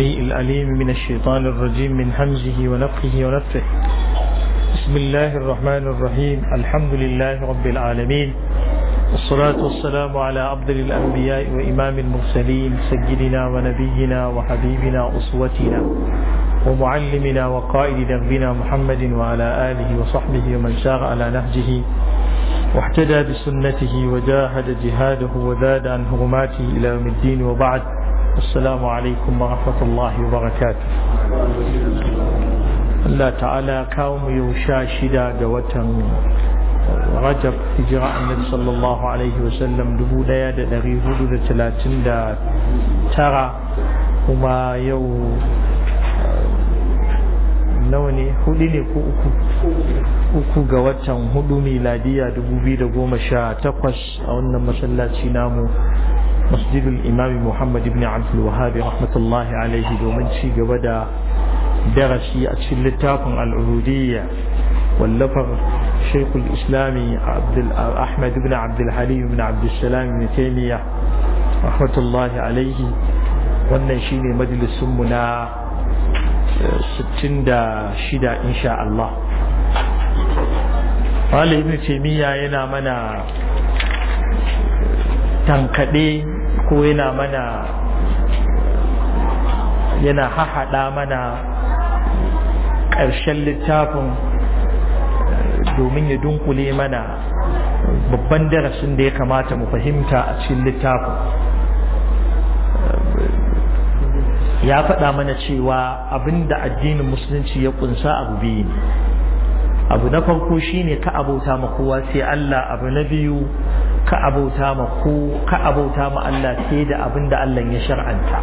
السميع الأليم من الشيطان الرجيم من همزه ونفخه ونفخه بسم الله الرحمن الرحيم الحمد لله رب العالمين والصلاة والسلام على عبد الأنبياء وإمام المرسلين سجدنا ونبينا وحبيبنا أسوتنا ومعلمنا وقائد دربنا محمد وعلى آله وصحبه ومن سار على نهجه واحتدى بسنته وجاهد جهاده وزاد عن هرماته إلى يوم الدين وبعد السلام عليكم ورحمة الله وبركاته الله تعالى كاوم يوشاشدا جوتا رجب هجراء النبي صلى الله عليه وسلم دبو ديا دغي هدو تلاتين دا ترى وما يو نوني هديني كو uku ga watan hudu miladiya 2018 a wannan masallaci namu masjidul imam muhammad ibn abdul wahhab rahmatullahi alayhi domin ci gaba da darasi a cikin littafin al'udiyya wallafar shaykhul islami abdul ahmad ibn abdul halim ibn abdul salam ibn taymiya rahmatullahi alayhi wannan shine majalisun mu na 66 eh, insha Allah Malam Ibn Taymiyyah yana mana tankaɗe ko yana mana yana hahada mana ƙarshen littafin eh, domin ya dunkule mana babban darasin da ya kamata mu fahimta a cikin littafin eh, ya faɗa mana cewa abinda addinin musulunci ya kunsa abu biyu ne abu na farko shine ka abota ma kowa sai Allah abu na biyu ka abauta ma ko ka abauta ma Allah sai da abin da Allah ya shar'anta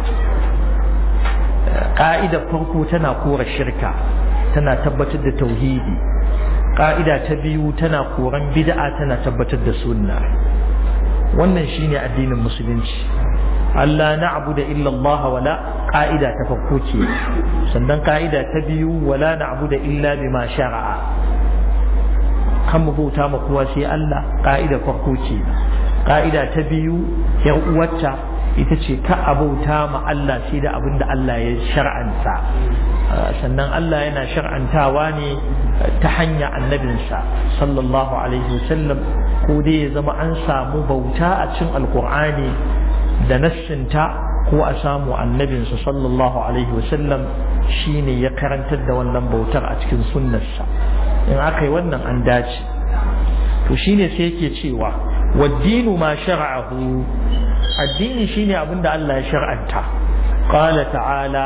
ka'ida farko tana kora shirka tana tabbatar da tauhidi ka'ida ta biyu tana koran bid'a tana tabbatar da sunna wannan shine addinin musulunci Allah na'budu illa Allah wala ka'ida ta farko ce sannan ka'ida ta biyu wala na'budu illa bima shar'a kan mu bauta ma kowa sai Allah ka'ida farko ce ka'ida ta biyu yar uwarta ita ce ka abauta ma Allah sai da abin da Allah ya shar'anta sannan Allah yana shar'antawa ne ta hanya annabinsa sallallahu alaihi wasallam ko dai ya zama an samu bauta a cikin alkur'ani da nassinta ko a samu annabinsa sallallahu alaihi wasallam shine ya karantar da wannan bautar a cikin sunnarsa in aka yi wannan an dace to shine sai yake cewa waddinu ma shar'ahu addini shine abin da Allah ya shar'anta qala ta'ala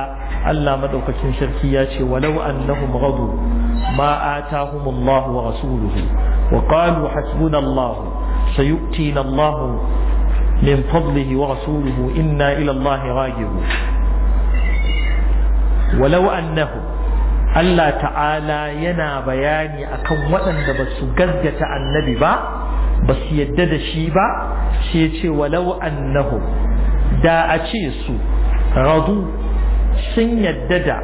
Allah madaukakin sarki ya ce walau annahum ghadu ma atahum Allah wa rasuluhu wa qalu من فضله ورسوله إنا إلى الله راجعون ولو أنه Allah ta'ala yana bayani akan waɗanda ba su gaggata annabi ba ba su yadda da shi ba sai ce walau annahu da a ce su radu sun yadda da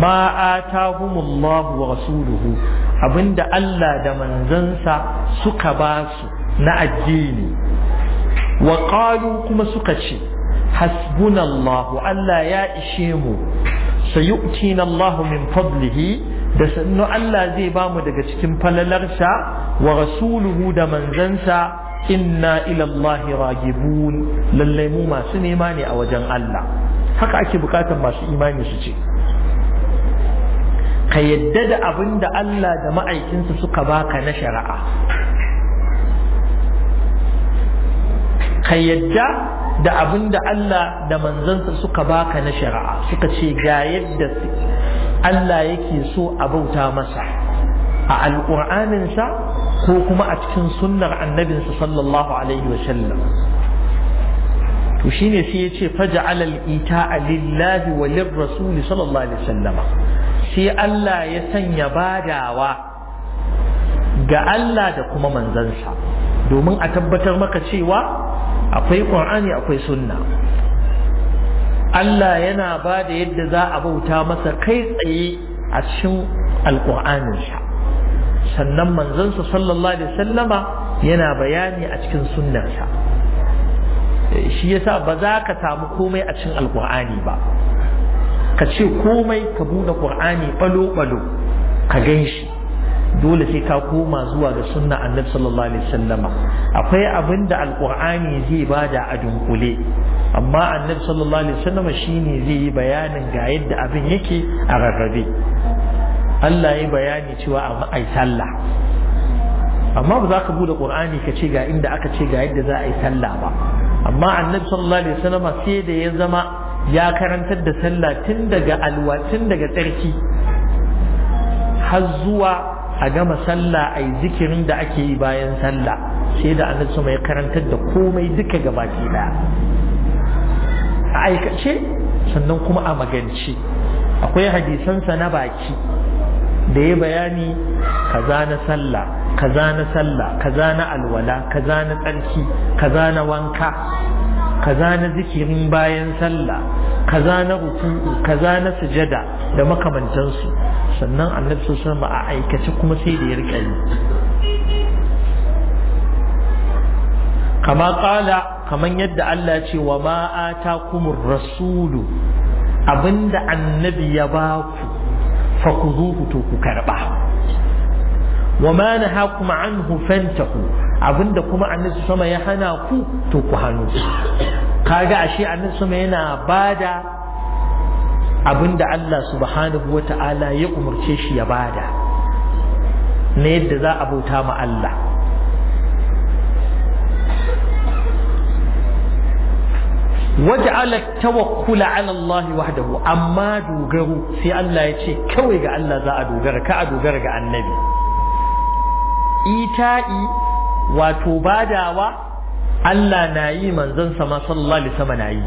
ma atahumullahu wa rasuluhu abinda Allah da manzansa suka ba su na addini wa kuma suka ce hasbunallahu Allah ya ishe mu sayu'tina Allah min fadlihi da sannu Allah zai ba mu daga cikin falalarsa wa rasuluhu da manzansa inna ila ragibun lallai mu masu nema ne a wajen Allah haka ake bukatar masu imani su ce ka yadda da abin da Allah da ma'aikinsa suka baka na shari'a ka yadda da abin da Allah da manzansa suka baka na shari'a suka ce ga yadda Allah yake so a bauta masa a alƙur'aninsa ko kuma a cikin sunnar annabinsa sallallahu alaihi wa sallam to shine sai ya ce faja'al al-ita'a lillahi wa lirrasul sallallahu alaihi wa sallama sai Allah ya sanya badawa ga Allah da kuma manzansa domin a tabbatar maka cewa akwai ƙur'ani akwai sunna Allah yana ba da yadda za a bauta masa kai tsaye a cikin alƙur'aninsa sannan manzansa sallallahu alaihi sallama yana bayani a cikin sunnarsa eh, shi yasa ba za ka samu komai a cikin alƙur'ani ba ka ce komai ka buɗe ƙur'ani ɓalo-ɓalo ka gan shi dole sai ka koma zuwa ga sunna annabi sallallahu alaihi wasallama akwai abin da alqur'ani zai bada a dunkule amma annabi sallallahu alaihi wasallama shine zai yi bayanin ga yadda abin yake a rarrabe Allah ya bayani cewa a ai sallah amma ba za ka bude qur'ani ka ce ga inda aka ce ga yadda za a yi sallah ba amma annabi sallallahu alaihi wasallama sai da ya zama ya karantar da sallah tun daga alwa tun daga tsarki har zuwa a gama sallah ai zikirin da ake yi bayan sallah sai da annabi sama ya karantar da komai duka gabaki daya a aikace sannan kuma a magance akwai hadisansa na baki da ya bayani kaza na sallah kaza na sallah kaza na alwala kaza na tsarki kaza na wanka kaza na zikirin bayan sallah kaza na ruku'u kaza na sujada da makamantansu sannan annabi sallallahu alaihi a aikace kuma sai da ya rika yi kama kala kaman yadda Allah ce wa ma atakumur rasulu abinda annabi ya baku zuhu to ku karba wa ma nahakum anhu fantahu abinda kuma annabi sama ya hana ku to ku hannu kaga ashe annabi sama yana bada abinda Allah subhanahu wata'ala ya umarce shi ya bada na yadda za a bauta ma Allah waj'ala tawakkula 'ala Allah wahdahu amma dogaro sai Allah ya ce kawai ga Allah za a dogara ka a dogara ga annabi ita'i wato badawa Allah na yi manzon sama sallallahu alaihi na yi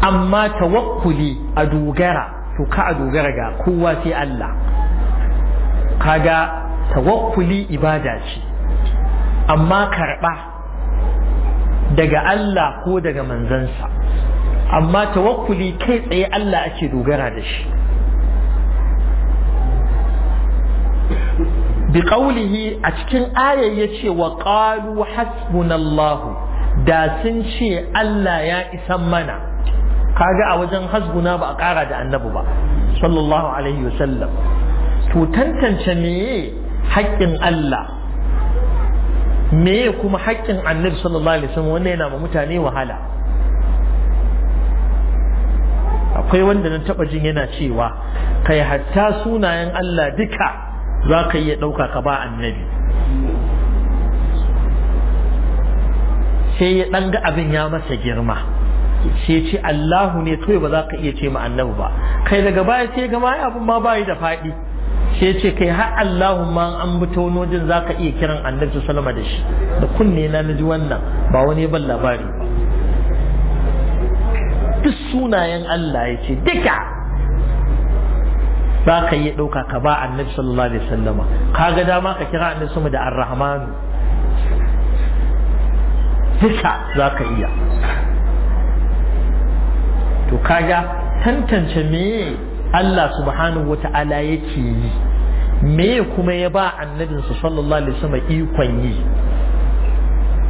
amma tawakkuli a dogara to ka a dogara ga kowa sai Allah kaga tawakkuli ibada ce amma karɓa daga Allah ko daga manzansa amma tawakkuli kai tsaye Allah ake dogara da shi bi a cikin ayar yace wa hasbunallahu da sun ce Allah ya isa mana kaga a wajen hasbuna ba a ƙara da annabi ba sallallahu alaihi wasallam to tantance meye haƙƙin Allah meye kuma haƙƙin annabi sallallahu alaihi wasallam wannan yana ma mutane wahala akwai wanda na taɓa jin yana cewa kai hatta sunayen Allah duka za ka iya ɗauka ka ba annabi sai ya ɗan ga abin ya masa girma sai ce Allahu ne kai ba za ka iya ce ma annabi ba kai daga baya sai gama ma abin ma bayi da faɗi sai ce kai har Allahu ma an bi ta wani za ka iya kiran annabi salama da shi da kunne na naji wannan ba wani ban labari ba duk sunayen Allah ya ce duka za ka iya ɗauka ka ba annabi sallallahu alaihi wasallam ka ga dama ka kira annabi sama da arrahman duka za ka iya to kaga tantance me Allah subhanahu wata'ala yake yi me kuma ya ba annabinsa sallallahu alaihi wasallam ikon yi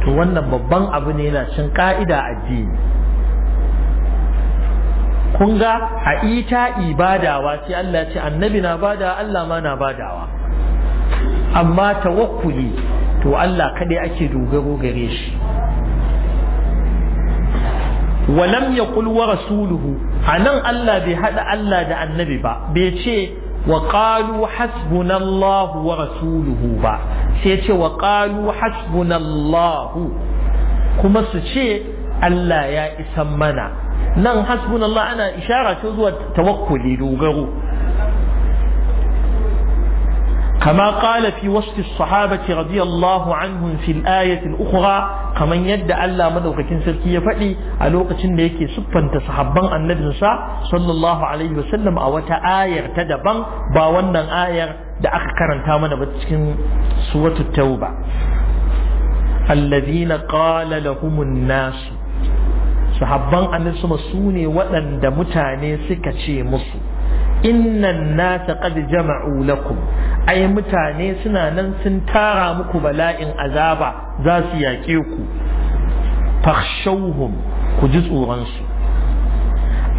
to wannan babban abu ne yana cin ka'ida addini kun ga a ita ibadawa sai Allah ce annabi na bada Allah ma na badawa amma tawakkuli to Allah kadai ake dogaro gare shi walam yaqul wa rasuluhu nan Allah bai hada Allah da annabi ba bai ce wa qalu hasbunallahu wa rasuluhu ba sai ce wa qalu hasbunallahu kuma su ce Allah ya isa mana nan hasbun Allah ana ishara ta zuwa tawakkuli dogaro kama ƙalafi fi wasu sahabati radiyallahu anhum fil ayatin ukhra yadda Allah maɗaukacin sarki ya faɗi a lokacin da yake siffanta sahabban annabin sa sallallahu alaihi a wata ayar ta daban ba wannan ayar da aka karanta mana ba cikin suwatu tauba الذين قال لهم الناس sahabban annisuma su ne waɗanda mutane suka ce musu innan nasa qad jama'u lakum ai mutane suna nan sun tara muku bala'in azaba za su yaƙe ku fakhshawhum ku ji tsoron su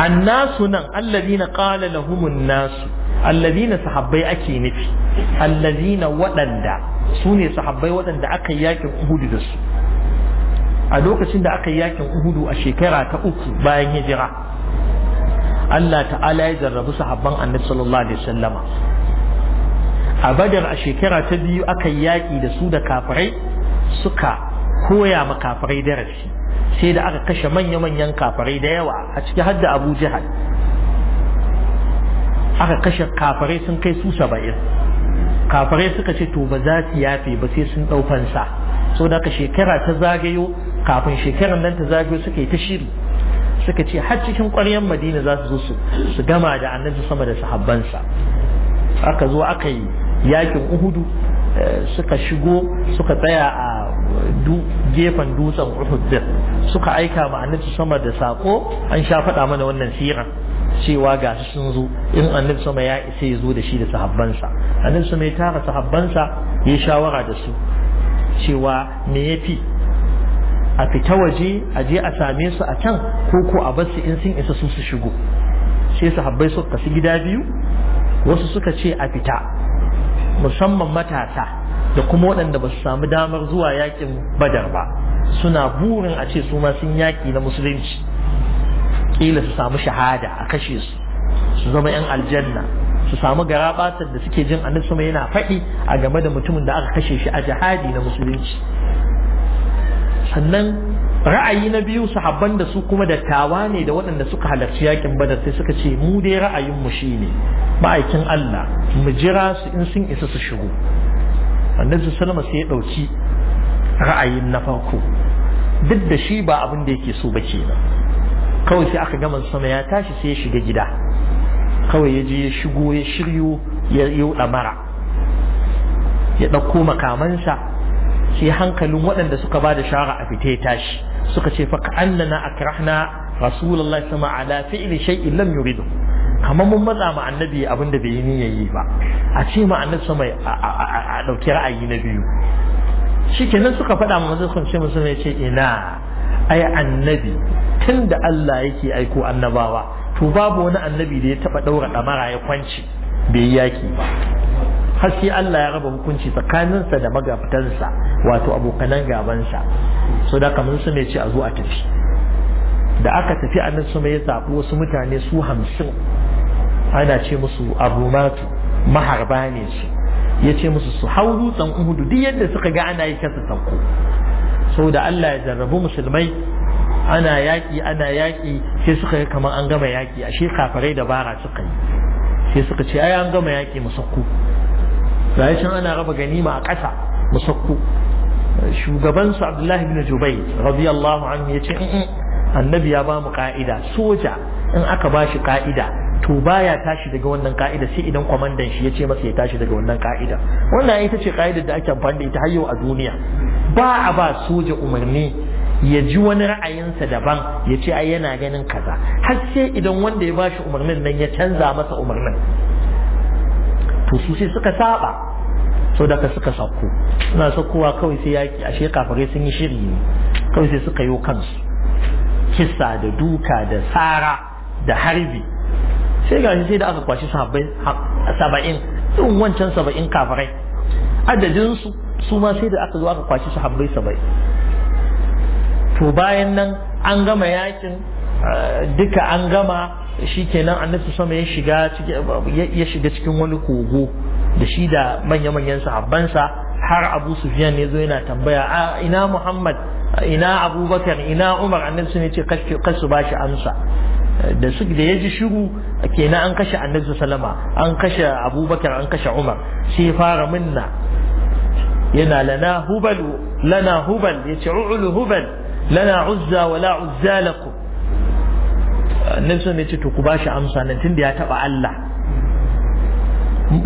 annasu nan alladhina qala lahumun nasu alladhina sahabbai ake nufi alladhina waɗanda su ne sahabbai waɗanda aka yaƙin Uhud da su a lokacin da aka yi yakin uhudu a shekara ta uku bayan hijira Allah ta'ala ya jarrabu sahabban annabi sallallahu alaihi wasallama a badar a shekara ta biyu aka yi yaƙi da su da kafirai suka koya ma kafirai darasi sai da aka kashe manya-manyan kafirai da yawa a ciki hadda abu jihar aka kashe kafirai sun kai su saba'in kafirai suka ce to ba za su yafe ba sai sun ɗaukansa sau da aka shekara ta zagayo kafin shekarar nan ta zagayo suka yi ta shiri suka ce har cikin ƙwaryen madina za su zo su gama da annabi sama da sahabbansa aka zo aka yi yakin uhudu eh, suka shigo suka tsaya a gefen dutsen uhudin suka aika ma annabi sama da sako an sha faɗa mana wannan siran cewa ga su sun zo in annabi sama ya isa ya zo da shi da sahabbansa annabi sama ya tara sahabbansa ya shawara da su cewa me ya yafi a fita waje a je a same su a can ko ko a basu in sun isa su su shigo sai su suka kasu gida biyu wasu suka ce a fita musamman matasa da kuma waɗanda ba su samu damar zuwa yakin badar ba suna burin a ce su ma sun yaƙi na musulunci ƙila su samu shahada a kashe su su zama 'yan aljanna su samu garabatar da suke jin annabi sama yana faɗi a game da mutumin da aka kashe shi a jihadi na musulunci sannan ra'ayi na biyu sahabban da su kuma dattawa ne da waɗanda suka halarci yakin badar sai suka ce mu dai ra'ayin mu shine ma'aikin Allah mu jira su in sun isa su shigo annabi sallama sai ya ɗauki ra'ayin na farko duk da shi ba abin da yake so ba kenan kawai sai aka gama sama ya tashi sai ya shiga gida kawai ya je ya shigo ya shiryo ya yi mara ya ɗauko makamansa sai hankalin waɗanda suka ba da shara a fite tashi suka ce fa annana akrahna rasulullahi sama ala fi'li shay'in lam yuridu kamar mun matsa ma annabi abin da bai yi niyyar yi ba a ce ma annabi sama a ɗauki ra'ayi na biyu shi kenan suka faɗa ma manzon sun ce musu ne ce ina ai annabi tun da Allah yake aiko annabawa to babu wani annabi da ya taɓa ɗaura ɗamara ya kwanci bai yaki ba har sai Allah ya raba hukunci tsakaninsa da magabtansa wato abokanan gabansa so da kamar su ne ce a zo a tafi da aka tafi a nan su mai zaɓi wasu mutane su hamsin ana ce musu abumatu maharba ne su ya ce musu su hau dutsen uhudu duk yadda suka ga ana yi kasa sauko da Allah ya jarrabu musulmai ana yaƙi ana yaƙi sai suka yi kamar an gama yaƙi ashe kafarai dabara suka yi sai suka ce ai an gama yaƙi mu ga can ana raba ganima a ƙasa musakku shugaban su abdullahi bin jubai radiyallahu anhu ya ce annabi ya ba mu ka'ida soja in aka ba shi ka'ida to baya tashi daga wannan ka'ida sai idan kwamandan shi ya ce masa ya tashi daga wannan ka'ida wannan ita ce ka'idar da ake amfani da ita har yau a duniya ba a ba soja umarni ya ji wani ra'ayinsa daban ya ce ai yana ganin kaza har sai idan wanda ya ba shi umarnin nan ya canza masa umarnin to su sai suka saba so daga suka sauko suna saukowa kawai sai yaki ashe kafirai sun yi shiri ne kawai sai suka yi kansu kissa da duka da tsara da harbi sai shi sai da aka kwashi saba'in din wancan saba'in kafirai adadin su su ma sai da aka zo aka kwashi sahabbai saba'in to bayan nan an gama yakin eh, duka an gama shikenan annabi sama ya shiga ya shiga cikin wani kogo da shi da manya-manyan sahabbansa har abu sufyan ne zo yana tambaya a ina muhammad ina abubakar ina umar annabi sun ce kasu ba shi amsa da su da ya ji shiru kenan an kashe annabi salama an kashe abubakar an kashe umar sai fara minna yana lana hubal lana hubal yace u'ul hubal lana uzza uzza lakum annabi sun ce to ku bashi amsa nan tunda ya taba Allah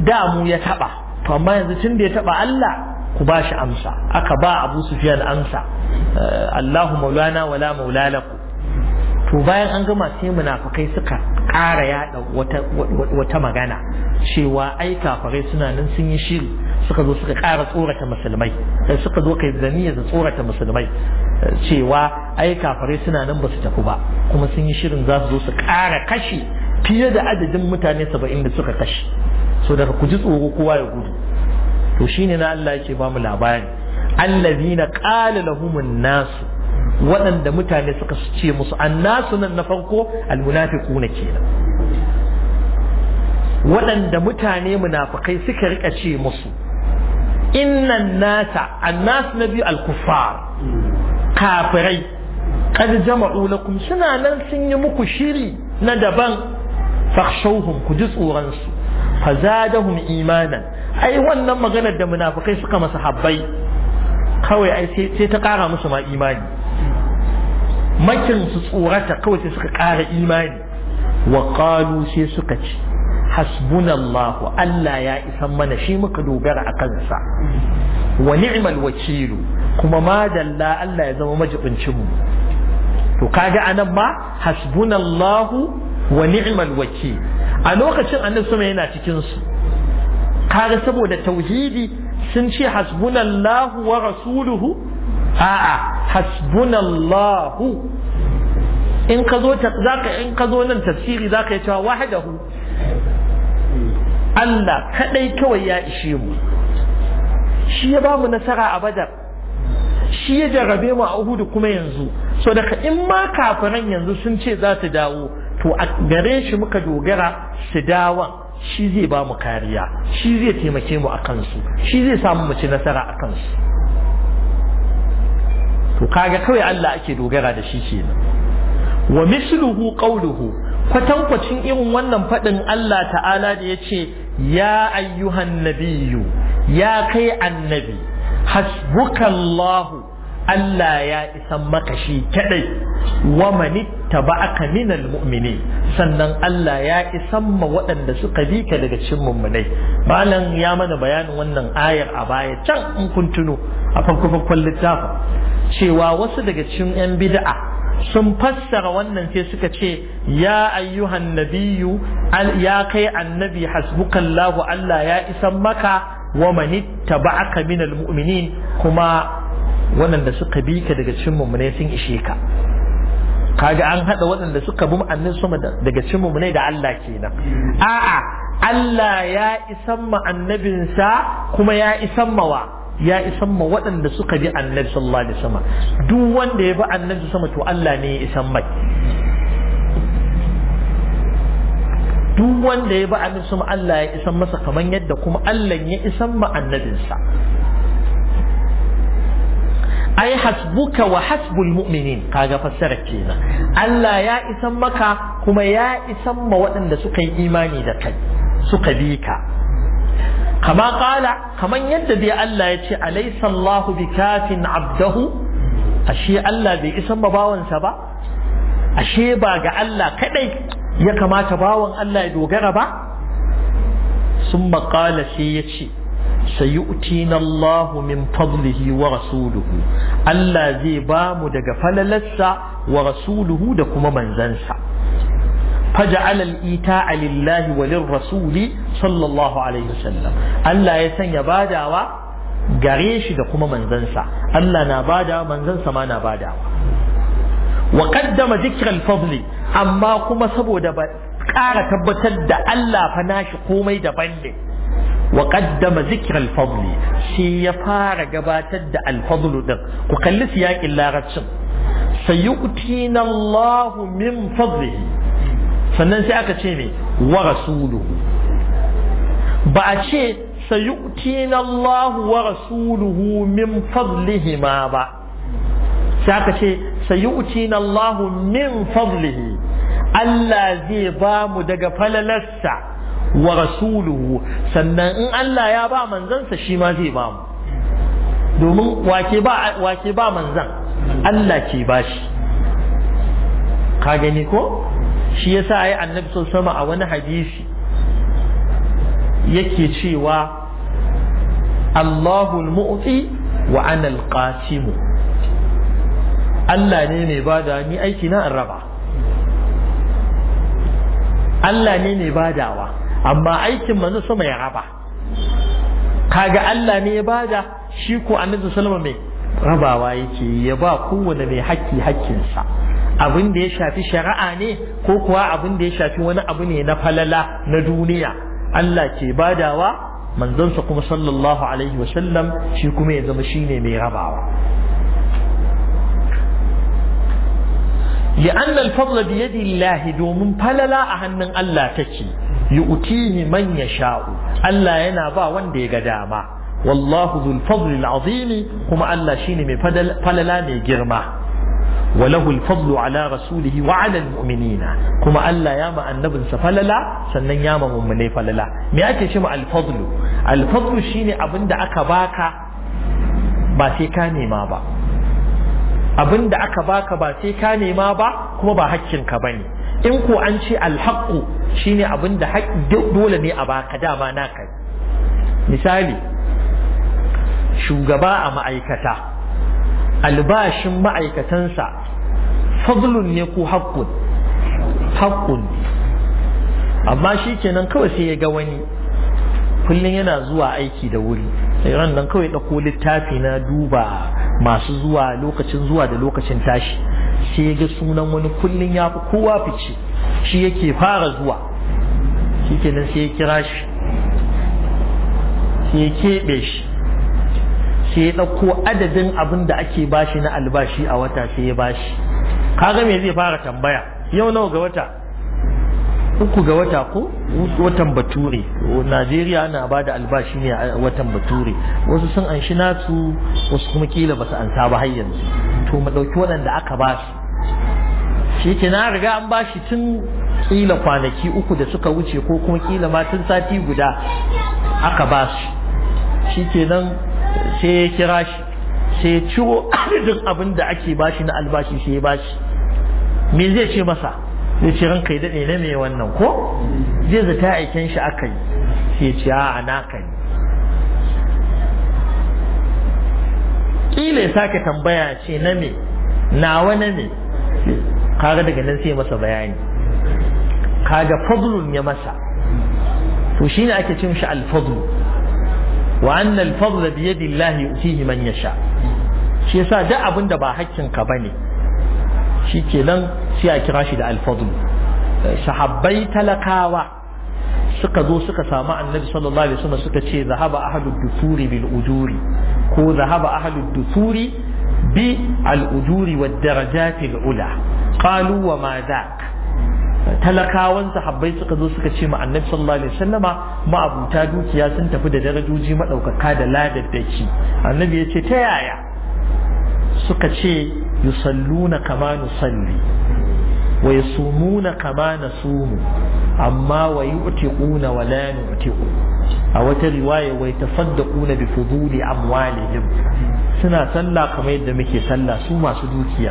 da mu ya taba to amma yanzu tunda ya taba Allah ku bashi amsa aka ba Abu Sufyan amsa eh, Allahu maulana wala maulala to bayan an gama sai munafikai suka ƙara yaɗa wata magana cewa ai kafarai suna nan sun yi shiru suka zo suka ƙara tsorata musulmai sai suka zo kai zaniya da tsorata musulmai cewa ai kafare suna nan ba su tafi ba kuma sun yi shirin za su zo su ƙara kashe fiye da adadin mutane saba'in da suka kashe so daga ku ji tsoro kowa ya gudu to shine na Allah yake ba mu labari allazina qala lahumun nasu waɗanda mutane suka ce musu annasu nan na farko almunafiquna kenan waɗanda mutane munafukai suka rika ce musu innan nasa annas na biyu alkufar kafirai kad jama'u lakum suna nan sun yi muku shiri na daban fakhshawhum ku ji tsoron su fazadahum imanan ai wannan maganar da munafikai suka masa habbai kawai ai sai ta kara musu ma imani makin su tsorata kawai sai suka kara imani wa qalu sai suka ce hasbunallahu Allah ya isan mana shi muka dogara a kansa wa ni'mal wakilu kuma ma dalla Allah ya zama majibincin mu to kaga anan ma hasbunallahu wa ni'mal wakil a lokacin annabi sama yana cikin su kaga saboda tauhidi sun ce hasbunallahu wa rasuluhu a'a hasbunallahu in kazo zo in ka nan tafsiri zaka yi cewa wahdahu Allah kadai kawai ya ishe mu shi ya bamu nasara a badar shi ya jarrabe mu a uhudu kuma yanzu so daga in ma kafiran yanzu sun ce za su dawo to a gare shi muka dogara su dawo shi zai ba mu kariya shi zai taimake mu a kansu shi zai samu mu ci nasara a kansu to kaga kawai Allah ake dogara da shi kenan wa misluhu qawluhu kwatankwacin irin wannan faɗin Allah ta'ala da ya ce ya ayyuhan nabiyyu ya kai annabi hasbukallahu Allah ya isan maka shi kadai wa manitta ba'aka minal mu'mini sannan Allah ya isan ma waɗanda suka bi ka daga cikin mummunai malam ya mana bayanin wannan ayar a baya can in kun tuno a farko farkon littafin cewa wasu daga cikin yan bid'a sun fassara wannan sai suka ce ya ayyuhan nabiyyu ya kai annabi hasbukallahu Allah ya isan maka wa manittaba'aka minal mu'minin kuma waɗanda suka bi ka daga cin mummunai sun ishe ka kaga an haɗa waɗanda suka bi annabi sama daga cin mummunai da Allah kenan a'a Allah ya isan ma annabinsa kuma ya isan ma wa ya isan ma waɗanda suka bi annabi sallallahu alaihi wasallam duk wanda ya bi annabi sama to Allah ne ya isan mai duk wanda ya bi annabi sama Allah ya isan masa kaman yadda kuma Allah ya isan ma annabin sa. ai hasbuka wa hasbul mu'minin kaga fassara kenan Allah ya isan maka kuma ya isan ma waɗanda suka yi imani da kai suka bi ka kama kala kaman yadda dai Allah ya ce alaysa Allahu bikafin abdahu ashe Allah bai isan ba bawansa ba ashe ba ga Allah kadai ya kamata bawan Allah ya dogara ba sun maƙala sai ya ce sayu'tina Allah min fadlihi wa rasuluhu Allah zai ba mu daga falalarsa wa rasuluhu da kuma manzansa فجعل الإيتاء لله وللرسول صلى الله عليه وسلم ألا يسن يبادعوا قريش دقم من زنسا ألا نبادع من زنسا ما نبادع وقدم ذكر الفضل أما كما سبو دبا قارة تبتد ألا فناش قومي دبني وقدم ذكر الفضل شي يفار قباتد الفضل دق وقلت ياك إلا غتشم سيؤتينا الله من فضله sannan sai aka ce me wa rasuluhu ba a ce sayu'tina Allahu wa rasuluhu min fadlihima ba sai aka ce sayu'tina min fadlihi Allah zai ba mu daga falalarsa wa rasuluhu sannan in Allah ya ba manzansa shi ma zai ba mu domin wake ba ba manzan Allah ke ba shi. ka gani ko shi ya sa ai annabi sun sama a wani hadisi yake cewa Allahul mu'ti wa ana qasimu Allah ne mai bada ni aiki na raba Allah ne mai badawa amma aikin manzo sama ya raba kaga Allah ne ya bada shi ko annabi sallama mai rabawa yake ya ba kowane mai haƙƙi haƙƙinsa abin da ya shafi shari'a ne ko kuwa abin da ya shafi wani abu ne na falala na duniya Allah ke badawa manzonsa kuma sallallahu alaihi sallam shi kuma ya zama shine mai rabawa لأن الفضل بيد الله دوم فللا أهن الله تكي يؤتيه من يشاء الله ينابا وندي قداما والله ذو الفضل العظيم كما الله شيني من فللا من جرمه وله الفضل على رسوله وعلى المؤمنين كما ألا ياما النبي فللا سنن ياما مؤمني فللا ما أكي شما الفضل الفضل شيني أبن دا أكا باكا با سيكاني ما با أبن دا أكا باكا با سيكاني ما با كما با حكين كبني إن كو أنشي الحق شيني أبن دا حق دولني أباكا دا ما ناكي مثالي shugaba a ma'aikata albashin ma'aikatansa fadlun ne ko haƙƙun haƙƙun amma shi kenan kawai sai ya ga wani kullum yana zuwa aiki da wuri ran nan kawai ɗauko littafi na duba masu zuwa lokacin zuwa da lokacin tashi sai ya ga sunan wani kullum ya fi kowa fice shi yake fara zuwa shi kenan sai ya kira shi sai ya keɓe shi ke ya ɗauko adadin abin da ake bashi na albashi a wata sai ya bashi kaga me zai fara tambaya yau nawa ga wata uku ga wata ko watan bature najeriya na ba da albashi ne a watan bature wasu sun anshi wasu kuma kila ba su ansa ba har yanzu to mu ɗauki waɗanda aka ba su shi ke na riga an ba shi tun kila kwanaki uku da suka wuce ko kuma kila ma tun sati guda aka ba su shi kenan sai ya kira shi sai ya ciro adadin abin da ake bashi na albashi sai ya bashi me zai ce masa zai ce ranka ya daɗe na me wannan ko zai zata aiken shi aka yi sai ya ce a naka ne Ƙila ya sake tambaya ce na me nawa na me kaga daga nan sai masa bayani kaga fadlun ya masa to shine ake cin shi al-fadlu wa anna al-fadl bi yadi Allah yu'tihi man yasha shi yasa duk abin da ba hakkin ka bane shikenan sai a kira shi da al-fadl sahabbai talakawa suka zo suka samu annabi sallallahu alaihi wasallam suka ce zahaba ahadu dusuri bil ujuri ko zahaba ahadu dusuri bi al ujuri wad darajat al ula qalu wa ma dhak talakawan sahabbai suka zo suka ce ma annabi sallallahu alaihi wasallama ma'abuta dukiya sun tafi da darajoji madaukaka da ladaddaki annabi ya ce ta yaya suka ce yusalluna kama nusalli wa yasumuna kama nasumu amma wa yu'tiquna wa la nu'tiqu a wata riwaya wa yatasaddaquna bi fuduli amwalihim suna sallah kamar yadda muke sallah su masu dukiya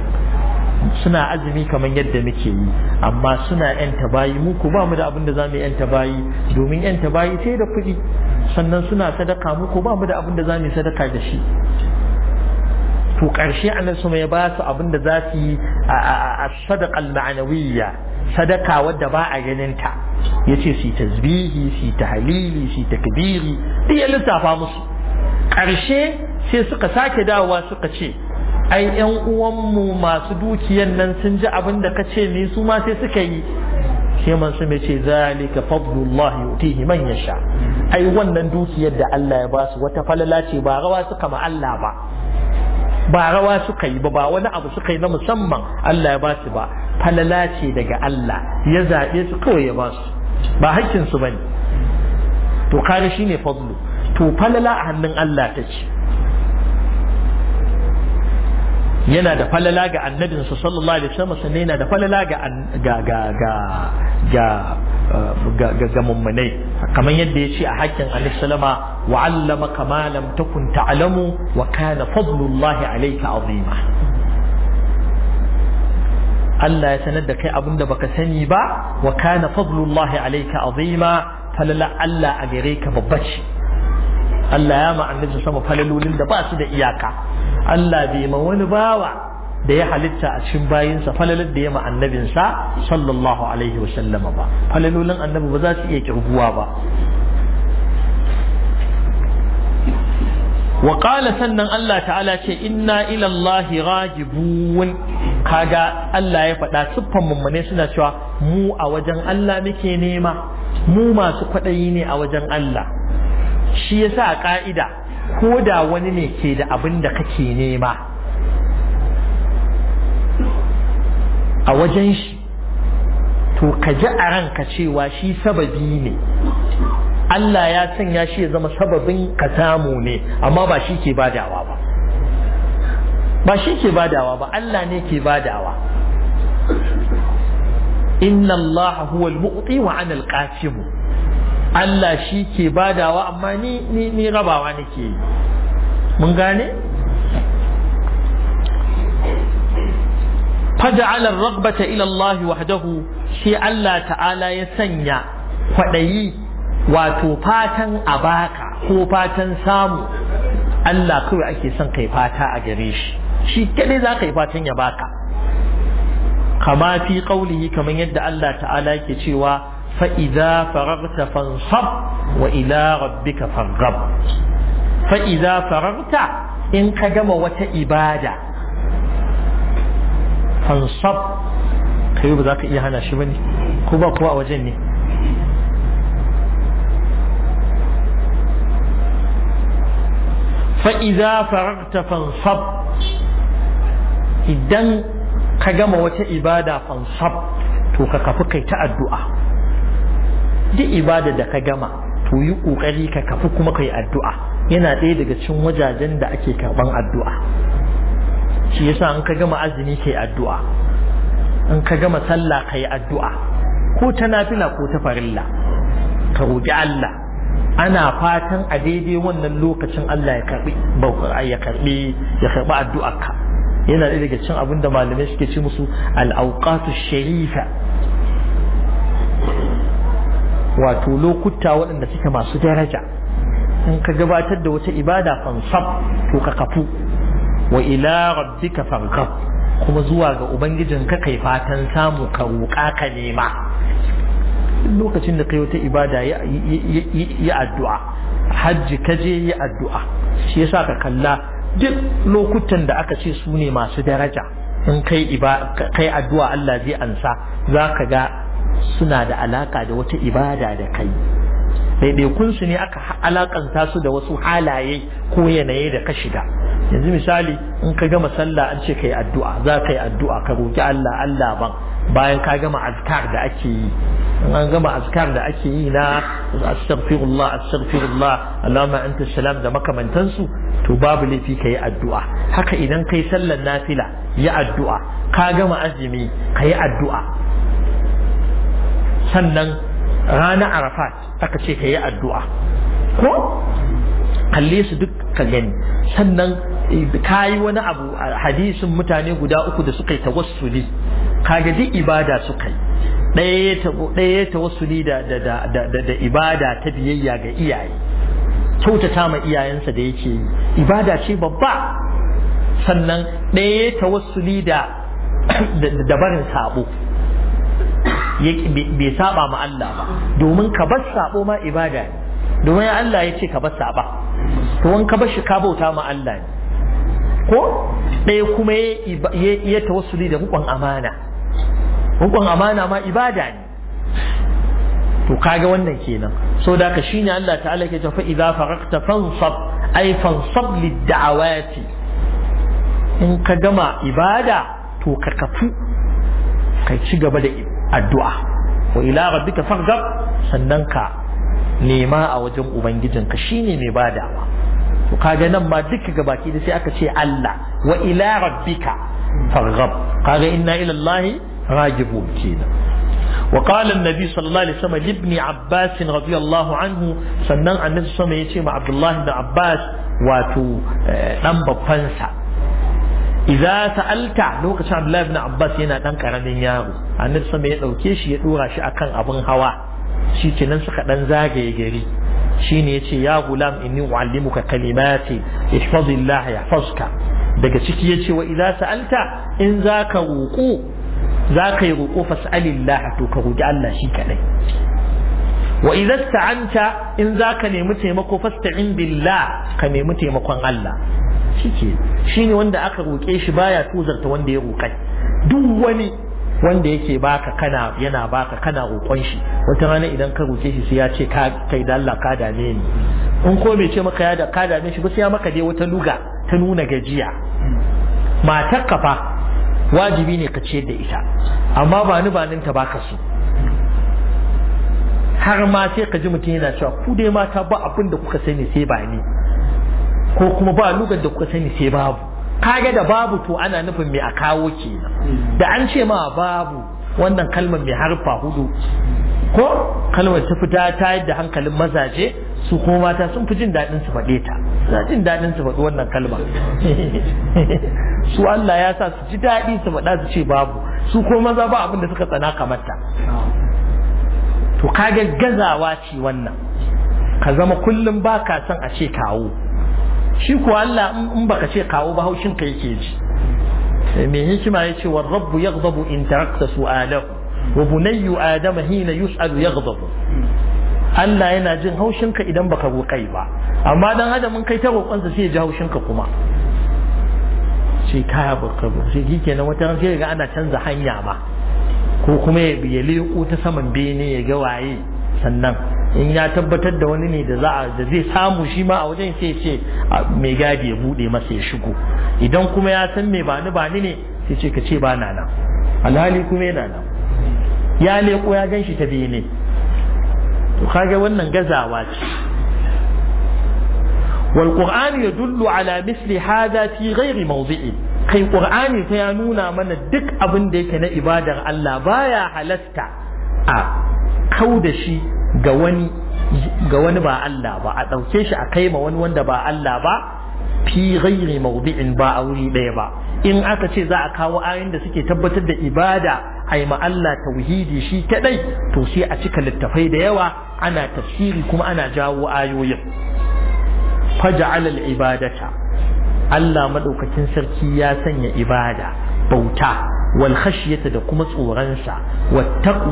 suna azumi kamar yadda muke yi amma suna yan tabayi mu ku da abin da zamu yan tabayi domin yan tabayi sai da kuɗi sannan suna sadaka mu ku da abin da zamu sadaka da shi to ƙarshe annabi sama ya ba su abin da za yi a sadaqa al-ma'nawiyya sadaka wadda ba a ganin ta yace su tasbihi su tahlili su takbiri duk ya lissafa musu ƙarshe sai suka sake dawowa suka ce ai yan uwanmu masu dukiyan nan sun ji abin da kace ne su ma sai suka yi shi man su ce zalika fadlullahi yutihi man yasha ai wannan dukiyar da Allah ya basu wata falala ce ba rawa suka ma Allah ba ba rawa suka yi ba ba wani abu suka yi na musamman Allah ya basu ba falala ce daga Allah ya zaɓe su kawai ya basu ba hakkin su bane to kare shine fadlu to falala a hannun Allah ta ce yana da falala ga annabinsa sallallahu alaihi wasallam sannan yana da falala ga ga ga ga ga ga mummunai kamar yadda ya ce a hakkin annabi sallama wa allama kama lam takun ta'lamu wa kana fadlullahi alayka azima Allah ya sanar da kai abin da baka sani ba wa kana fadlullahi alayka azima falala Allah a gare ka babba ce Allah ya ma'annin sama falalolin da ba su da iyaka Allah bai ma wani bawa da ya halitta a cikin bayinsa falalin da ya ma sallallahu alaihi wa sallama ba falalolin annabi ba za su iya kirguwa ba wa qala sannan Allah ta'ala ce inna ila Allah rajibun kaga Allah ya faɗa siffan mummune suna cewa mu a wajen Allah muke nema mu masu kwaɗayi ne a wajen Allah shi yasa a ka'ida ko da wani ne ke da abin da kake nema a wajen shi to ka ji a ranka cewa shi sababi ne Allah ya sanya shi ya zama sababin ka samu ne amma ba shi ke badawa ba ba shi ke badawa ba Allah ne ke badawa inna Allah huwa al-mu'ti wa ana al Allah shi ke badawa amma ni ni ni rabawa nake yi mun gane faja'ala ar-raghbata ila Allah wahdahu shi Allah ta'ala ya sanya kwadayi wato fatan abaka ko fatan samu Allah kawai ake son kai fata a gare shi shi kadai za kai yi fatan ya baka kama fi qaulihi kaman yadda Allah ta'ala yake cewa فإذا فرغت فانصب وإلى ربك فارغب فإذا فرغت إن كجم وتإبادة فانصب كيف ذاك إيه أنا شبني كوبا كوا وجني فإذا فرغت فانصب إذن كجم وتإبادة فانصب to ka kafi kai ta addu'a duk ibada da ka gama to yi kokari ka kafi kuma kai addu'a yana ɗaya daga cikin wajajen da ake karban addu'a shi yasa in ka gama azumi kai addu'a in ka gama sallah kai addu'a ko ta nafila ko ta farilla ka roƙi Allah ana fatan a daidai wannan lokacin Allah ya karbi ya karbi ya karbi addu'arka yana ɗaya daga cikin abin da malamai suke ce musu al-awqatu sharifa wato lokuta waɗanda suke masu daraja in ka gabatar da wata ibada fansab to ka kafu wa ila rabbika farghab kuma zuwa ga ubangijin ka kai fatan samu ka roƙa ka nema lokacin da kai wata ibada ya addu'a hajji kaje ya addu'a shi yasa ka kalla duk lokutan da aka ce su ne masu daraja in kai addu'a Allah zai ansa za ka ga suna da alaƙa da wata ibada da kai ɗaiɗaikunsu ne aka alaƙanta su da wasu halaye ko yanayi da ka shiga yanzu misali in ka gama sallah an ce ka yi addu'a za ka yi addu'a ka roki Allah Allah ban bayan ka gama azkar da ake yi in an gama azkar da ake yi na astaghfirullah astaghfirullah allahumma anta salam da makamantansu to babu laifi ka yi addu'a haka idan kai sallar nafila yi addu'a ka gama azumi ka yi addu'a sannan rana arafat aka ce ka yi addu'a ko kalle su duk ka gani sannan eh, ka yi wani abu a hadisin mutane guda uku da suka yi tawassuli kaga duk ibada suka yi ɗaya ya tawassuli da da ibada ta biyayya ga iyaye kyautata ma iyayensa da yake yi ibada ce babba sannan ɗaya ya tawassuli da da barin sabo bai saba ma Allah ba domin ka bar sabo ma ibada ne domin Allah ya ce ka bar saba to in ka bar shi ka bauta ma Allah ne ko ɗaya kuma ya tawassuli da rukun amana rukun amana ma ibada ne to kaga wannan kenan so da ka shine Allah ta'ala ke tafi idza faraqta fansab ay fansab lid in ka gama ibada to ka kafu kai ci gaba da addu'a wa ila rabbika farghab sannan ka nema a wajen ka shine mai badawa to kaga nan ma duk ga baki da sai aka ce Allah wa ila rabbika farghab kaga inna ila Allah rajibu kina wa qala sallallahu alaihi wasallam libni abbas radiyallahu anhu sannan annabi sallallahu alaihi wasallam yace ma abdullah ibn abbas wato eh, dan babban Iza sa'alta lokacin Abdullahi ibn Abbas yana dan karamin yaro annabi sama ya dauke shi ya dora shi akan abin hawa Shi shikenan suka dan zagaye gari shine yace ya gulam inni uallimuka kalimati ihfazillah yahfazka daga ciki yace wa idza sa'alta in zaka ruku zaka yi ruku fas'alillah to ka roki Allah shi kadai wa idza sta'anta in zaka nemi taimako fasta'in billah ka nemi taimakon Allah Shi ne wanda aka roƙe shi baya tuzarta wanda ya roƙai duk wani wanda yake baka kana yana baka kana roƙon shi wata rana idan ka roƙe shi sai ya ce ka kai da Allah ka dame ni in ko bai ce maka ya da ka dame shi ba sai ya maka dai wata luga ta nuna gajiya matar ka fa wajibi ne ka ciyar da ita amma ba ni ba ta baka su har ma sai ka ji mutum yana cewa ku dai mata ba abin da kuka sani sai ba ni ko kuma ba lugar da kuka sani sai babu kage da babu to ana nufin mai a kawo kenan da an ce ma babu wannan kalmar mai harfa hudu ko kalmar ta fita ta yadda hankalin mazaje su kuma mata sun fi jin daɗin su faɗe ta za jin daɗin su faɗi wannan kalma su Allah ya sa su ji daɗi su faɗa su ce babu su kuma maza ba abin da suka tsana kamar ta to kage gazawa ce wannan ka zama kullum ba ka son a ce kawo shi ko Allah in baka ce kawo ba haushin ka yake ji eh, mai hikima ya ce war rabbu yaghdabu in tarakta su'alahu wa bunayyu adama hina yus'alu yaghdabu Allah yana jin haushin ka idan baka roƙai ba amma dan adamin kai ta roƙonsa sai ya ji haushin ka kuma sai kaya baka sai kenan wata sai ga ana canza hanya ma ko kuma ya leƙo ta saman bene ya ga waye sannan in ya tabbatar da wani ne da za a da zai samu shi ma a wajen sai ce mai gadi ya bude masa ya shigo idan kuma ya san mai bani bani ne sai ce ka ce ba na nan alhali kuma yana nan ya leko ya gan shi ta bene to kaga wannan gazawa ce wal qur'an yadullu ala misli hada fi ghairi mawdi'i kai qur'ani ta ya nuna mana duk abin da yake na ibadar Allah baya halasta a kau da shi ga wani ga wani ba Allah ba a ɗauke shi a kai ma wani wanda ba Allah ba fi ghairi mawdi'in ba a wuri ɗaya ba in aka ce za a kawo ayoyin da suke tabbatar da ibada ai ma Allah tauhidi shi kadai to sai a cika littafai da yawa ana tafsiri kuma ana jawo ayoyin faj'al al ibadata Allah madaukakin sarki ya sanya ibada bauta wal da kuma tsoronsa. Wa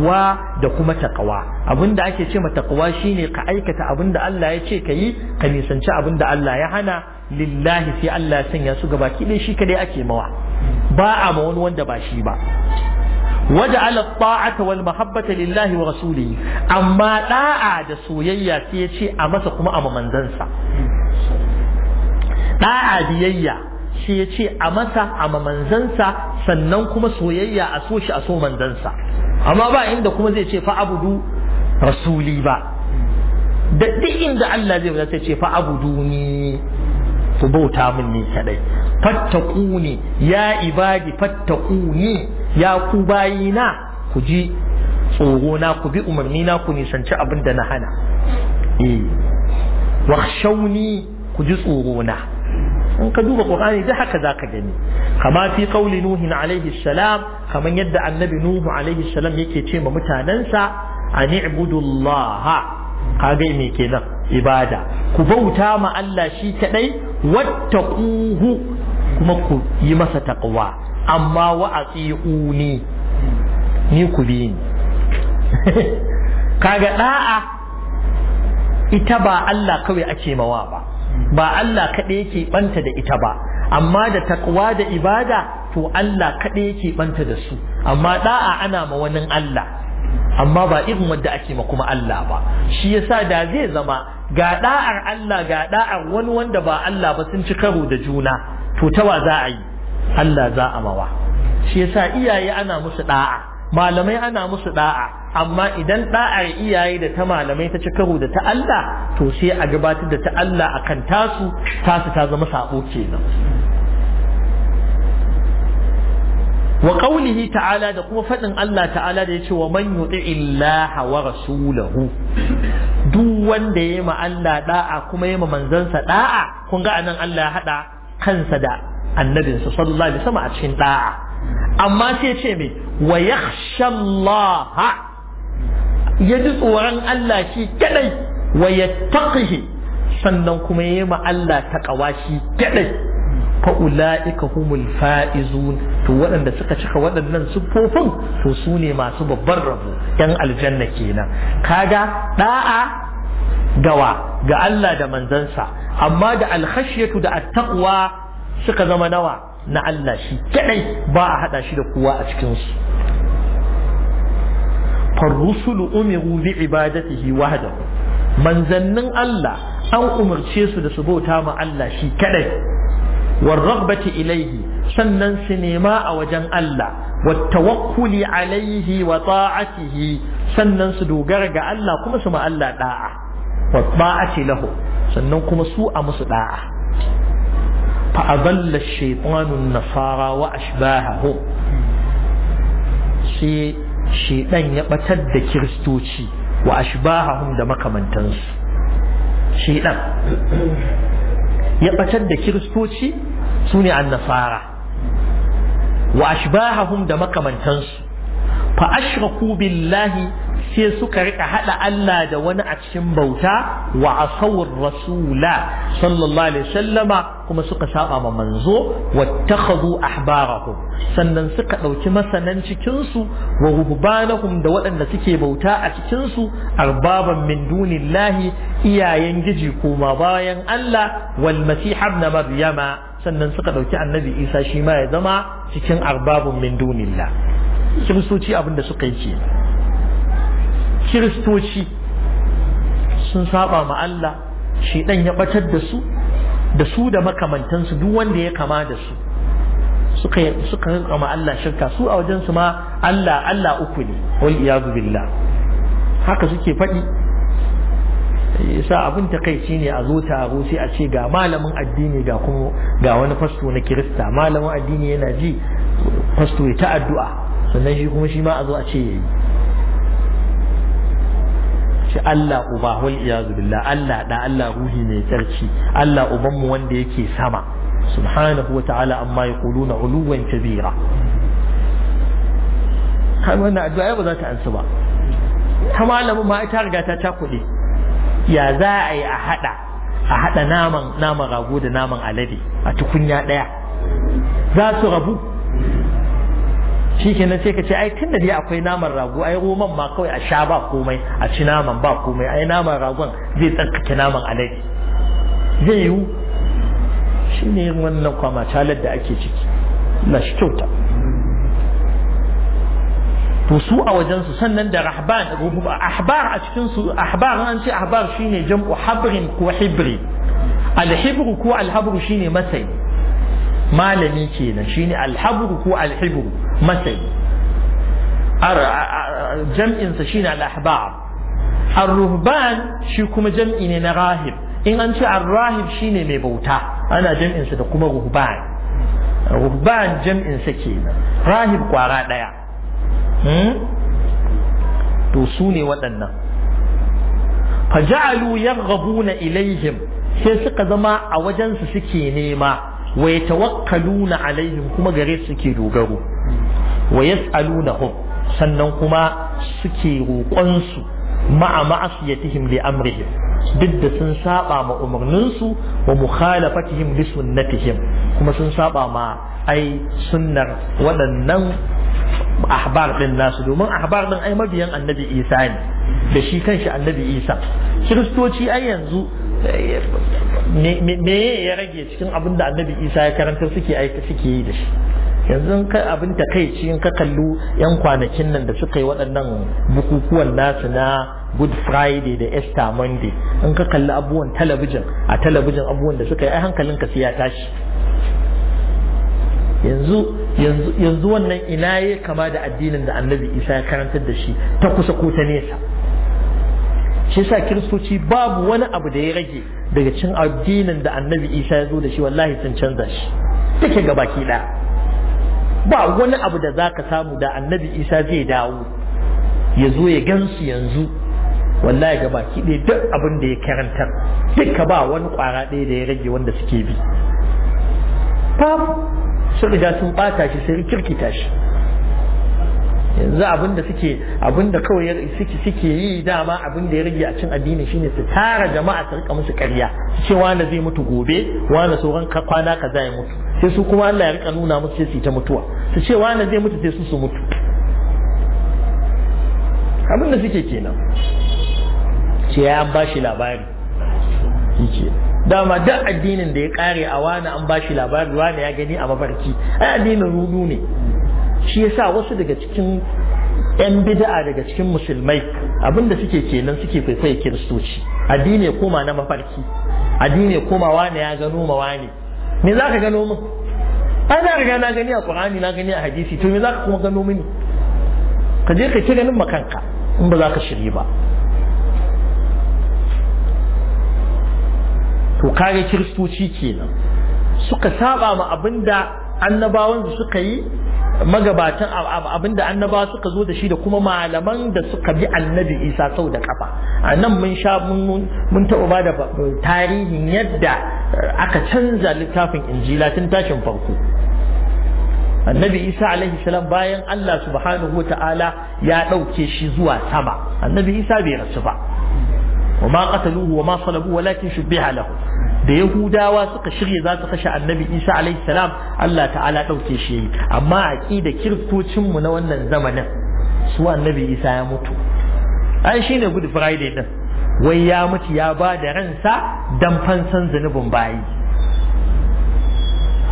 wat da kuma taqwa abinda ake ce ma shi shine ka aikata abinda Allah ya ce ka yi ka nisanci abinda Allah ya hana lillahi sai Allah ya sanya su gaba ki shi kadai ake mawa ba a ma wani wanda ba shi ba lillahi Amma ɗa'a da soyayya sai ya ce a masa kuma a ma manzan sa. Ɗa'a biyayya. sai ya ce a masa a mamanzansa sannan kuma soyayya a so shi a so manzansa amma ba inda kuma zai ce fa'abudu rasuli ba da duk inda Allah zai wadatar ce fa'abudu ni ku bauta min ni kadai ne ya ibadi ni ya ku bayina ku ji tsoro na ku bi umarni na ku nisanci abin da na hana eh wakhshawni ku ji tsoro na in ka duba qur'ani da haka zaka gani kama fi qauli nuhin Alayhi salam kaman yadda annabi nuhu Alayhi salam yake ce ma mutanansa an ibudullah kage me kenan ibada ku bauta ma Allah shi kadai wattaquhu kuma ku yi masa taqwa amma wa atiuni ni ku bi ni kaga da'a ita ba Allah kawai ake mawa ba ba Allah kaɗai yake ɓanta da ita ba amma da takwa da ibada to Allah kaɗai yake ɓanta da su amma ɗa'a ana ma wani Allah amma ba irin wadda ake ma kuma Allah ba shi yasa da zai zama ga da'ar Allah ga da'ar wani wanda ba Allah ba sun ci karo da juna to ta wa za a yi Allah za a mawa shi yasa iyaye ana musu ɗa'a malamai ana musu da'a amma idan da'ar iyaye da ta malamai ta ci karo da ta Allah to sai a gabatar da ta Allah akan tasu tasu ta zama sabo kenan wa qawlihi ta'ala da kuma fadin Allah ta'ala da yace wa man yuti illaha wa rasulahu duk wanda yayi ma Allah da'a kuma yayi ma manzansa da'a kun ga anan Allah ya hada kansa da annabinsa sallallahu alaihi wasallam a cikin da'a amma sai ce me wa yakhsha Allah ya ji tsoron Allah shi kadai wa yattaqihi sannan kuma yayi ma Allah taqwa shi kadai fa ulaika humul faizun to waɗanda suka cika waɗannan siffofin to su ne masu babban rabo yan aljanna kenan kaga da'a gawa ga Allah da manzansa amma da alhashiyatu da attaqwa suka zama nawa na Allah shi kadai ba a hada shi da kowa a cikin su farrusulu umiru bi ibadatihi wahdahu manzannin Allah an umarce su da su bauta ma Allah shi kadai war ilaihi sannan su nema a wajen Allah wa tawakkuli alaihi wa ta'atihi sannan su dogara ga Allah kuma su ma Allah da'a wa ta'ati lahu sannan kuma su a musu ɗa'a. فأضل الشيطان النصارى وأشباههم sai shedan ya batar da kiristoci wa ashbahahum da makamantansu shedan ya batar da kiristoci su ne annasara wa ashbahahum da makamantansu fa ashraku billahi sai suka rika hada Allah da wani a cikin bauta wa asawur rasula sallallahu alaihi wasallama kuma suka saba ma manzo wattakhadhu ahbarahum sannan suka dauki masanan cikin su wa rubbanahum da waɗanda suke bauta a cikin su arbaban min dunillahi iyayen giji kuma bayan Allah wal masih ibn maryama sannan suka dauki annabi Isa shi ma ya zama cikin arbabun min dunillah kiristoci abin da suka yi kenan kiristoci sun saba ma Allah shiɗan ya batar da su da su da makamantansu duk wanda ya kama da su suka suka rinka ma Allah shirka su a wajen su ma Allah Allah uku ne wal iyazu billah haka suke faɗi yasa abin takaici ne a zo taro sai a ce ga malamin addini ga kuma ga wani fasto na kirista malamin addini yana ji fasto ya ta addu'a sannan shi kuma shi ma a zo a ce yayi ambaci Allah uba wal iyazu billah Allah da Allah ruhi mai tsarki Allah ubanmu wanda yake sama subhanahu wata'ala amma ya yaquluna uluwan kabira kan wannan addu'a ba za ta ansu ba ta malamin ma ita riga ta cakuɗe ya za a yi a haɗa a haɗa naman naman rago da naman alade a tukunya ɗaya za su rabu shi kenan sai ka ce ai tunda dai akwai naman rago ai roman ma kawai a sha ba komai a ci naman ba komai ai naman ragon zai tsarkake naman alade zai yiwu shi ne wannan kwama calar da ake ciki na shi kyauta to su a wajensu sannan da rahban ahbar a cikin su ahbar an ce ahbar shine jam'u habrin ko hibri alhibru ko alhabru shine masai malami kenan shine alhabru ko alhibru masai sa shine al-ahbab ar-ruhban shi kuma jam'i ne na rahib in an ce ar-rahib shine mai bauta ana jam'in sa da kuma ruhban ruhban jam'in sa kenan rahib kwara daya hmm? to su ne waɗannan faja'alu yarghabuna ilaihim sai suka zama a wajensu suke nema wa yatawakkaluna alaihin kuma gare dogaro? ke dogaro wa sannan kuma suke roƙon su ma'a ma'asiyatihim li amrihim duk da sun saba ma umarninsu wa mukhalafatihim li sunnatihim kuma sun saba ma ai sunnar waɗannan ahbar din nasu domin ahbar din ai mabiyan annabi isa ne da shi kanshi annabi isa kiristoci ai yanzu me ya rage cikin abin da annabi isa ya karanta suke aika suke yi da shi yanzu kai abin ta kai ci ka kallu yan kwanakin nan da suka yi waɗannan bukukuwan nasu na good friday da easter monday in ka kalli abubuwan talabijin a talabijin abubuwan da suka yi hankalin ka sai ya tashi yanzu wannan ina ya kama da addinin da annabi isa ya karantar da shi ta kusa ko ta nesa shi yasa kiristoci babu wani abu da ya rage daga cin addinin da annabi isa ya zo da shi wallahi sun canza shi take ga baki da ba wani abu da zaka samu da annabi isa zai dawo ya zo ya gansu yanzu wallahi ga baki ɗaya duk abin da ya karantar duka ba wani kwara ɗaya da ya rage wanda suke bi babu sun riga sun bata shi sai kirkita shi yanzu abin da suke abin da kawai suke suke yi dama abin da ya rage a cin addini shine su tara jama'a su rika musu ƙarya su ce wanda zai mutu gobe wanda sauran kwana kaza ya mutu sai su kuma Allah ya rika nuna musu sai su ta mutuwa su ce wanda zai mutu sai su su mutu abin da suke kenan ce ya an bashi labari yake dama duk addinin da ya kare a wani an bashi labari wani ya gani a mafarki ai addinin rudu ne shi yasa wasu daga cikin yan bid'a daga cikin musulmai abinda suke kenan suke kwaikwaye kiristoci addini koma na mafarki addini koma wane ya gano ma wane me za ka gano min ai na riga na gani a qur'ani na gani a hadisi to me za ka kuma gano mini ka je ka ci ganin makanka in ba za ka shiri ba to kage kiristoci kenan suka saba ma abinda annabawan su suka yi magabatan abinda annabawa suka zo da shi da kuma malaman da suka bi annabi isa sau da kafa a nan mun sha mun taɓa ba da tarihin yadda aka canza littafin injila tun tashin farko annabi isa alaihi salam bayan allah subhanahu wa ta'ala ya ɗauke shi zuwa sama annabi isa bai rasu ba wa ma qataluhu wa ma salabu walakin shubbiha lahu da yahudawa suka shirya za su kashe annabi isa alaihi salam allah ta'ala ɗauke shi yi amma a ƙi da kiristocinmu na wannan zamanin su annabi isa ya mutu An shi ne good friday ɗin wai ya mutu ya ba da ransa don fansan zunubin bayi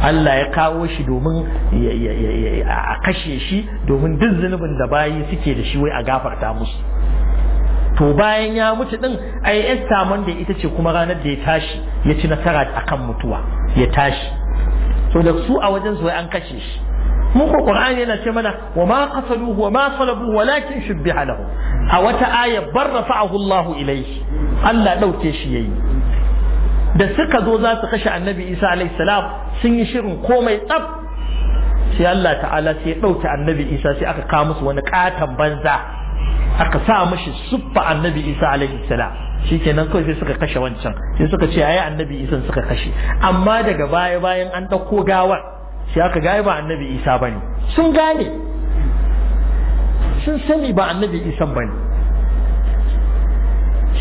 Allah ya kawo shi domin a kashe shi domin duk zunubin da bayi suke da shi wai a gafarta musu to bayan ya mutu din ai Esther Monday ita ce kuma ranar da ya tashi ya ci nasara akan mutuwa ya tashi To da su a wajen su an kashe shi mun ko Qur'ani yana ce mana wa ma qasaduhu wa ma salabuhu walakin shubbiha lahu a wata aya bar rafa'ahu Allah ilayhi Allah dauke shi yayi da suka zo za su kashe Annabi Isa alayhi salam sun yi shirin komai tsaf sai Allah ta'ala sai ya dauke Annabi Isa sai aka kawo musu wani ƙaton banza aka sa mashi suffa annabi isa alaihi salam nan kawai sai suka kashe wancan sai suka ce ai annabi isa suka kashe amma daga baya bayan an ɗauko gawar sai aka gaya ba annabi isa bane sun gane sun sani ba annabi isa bane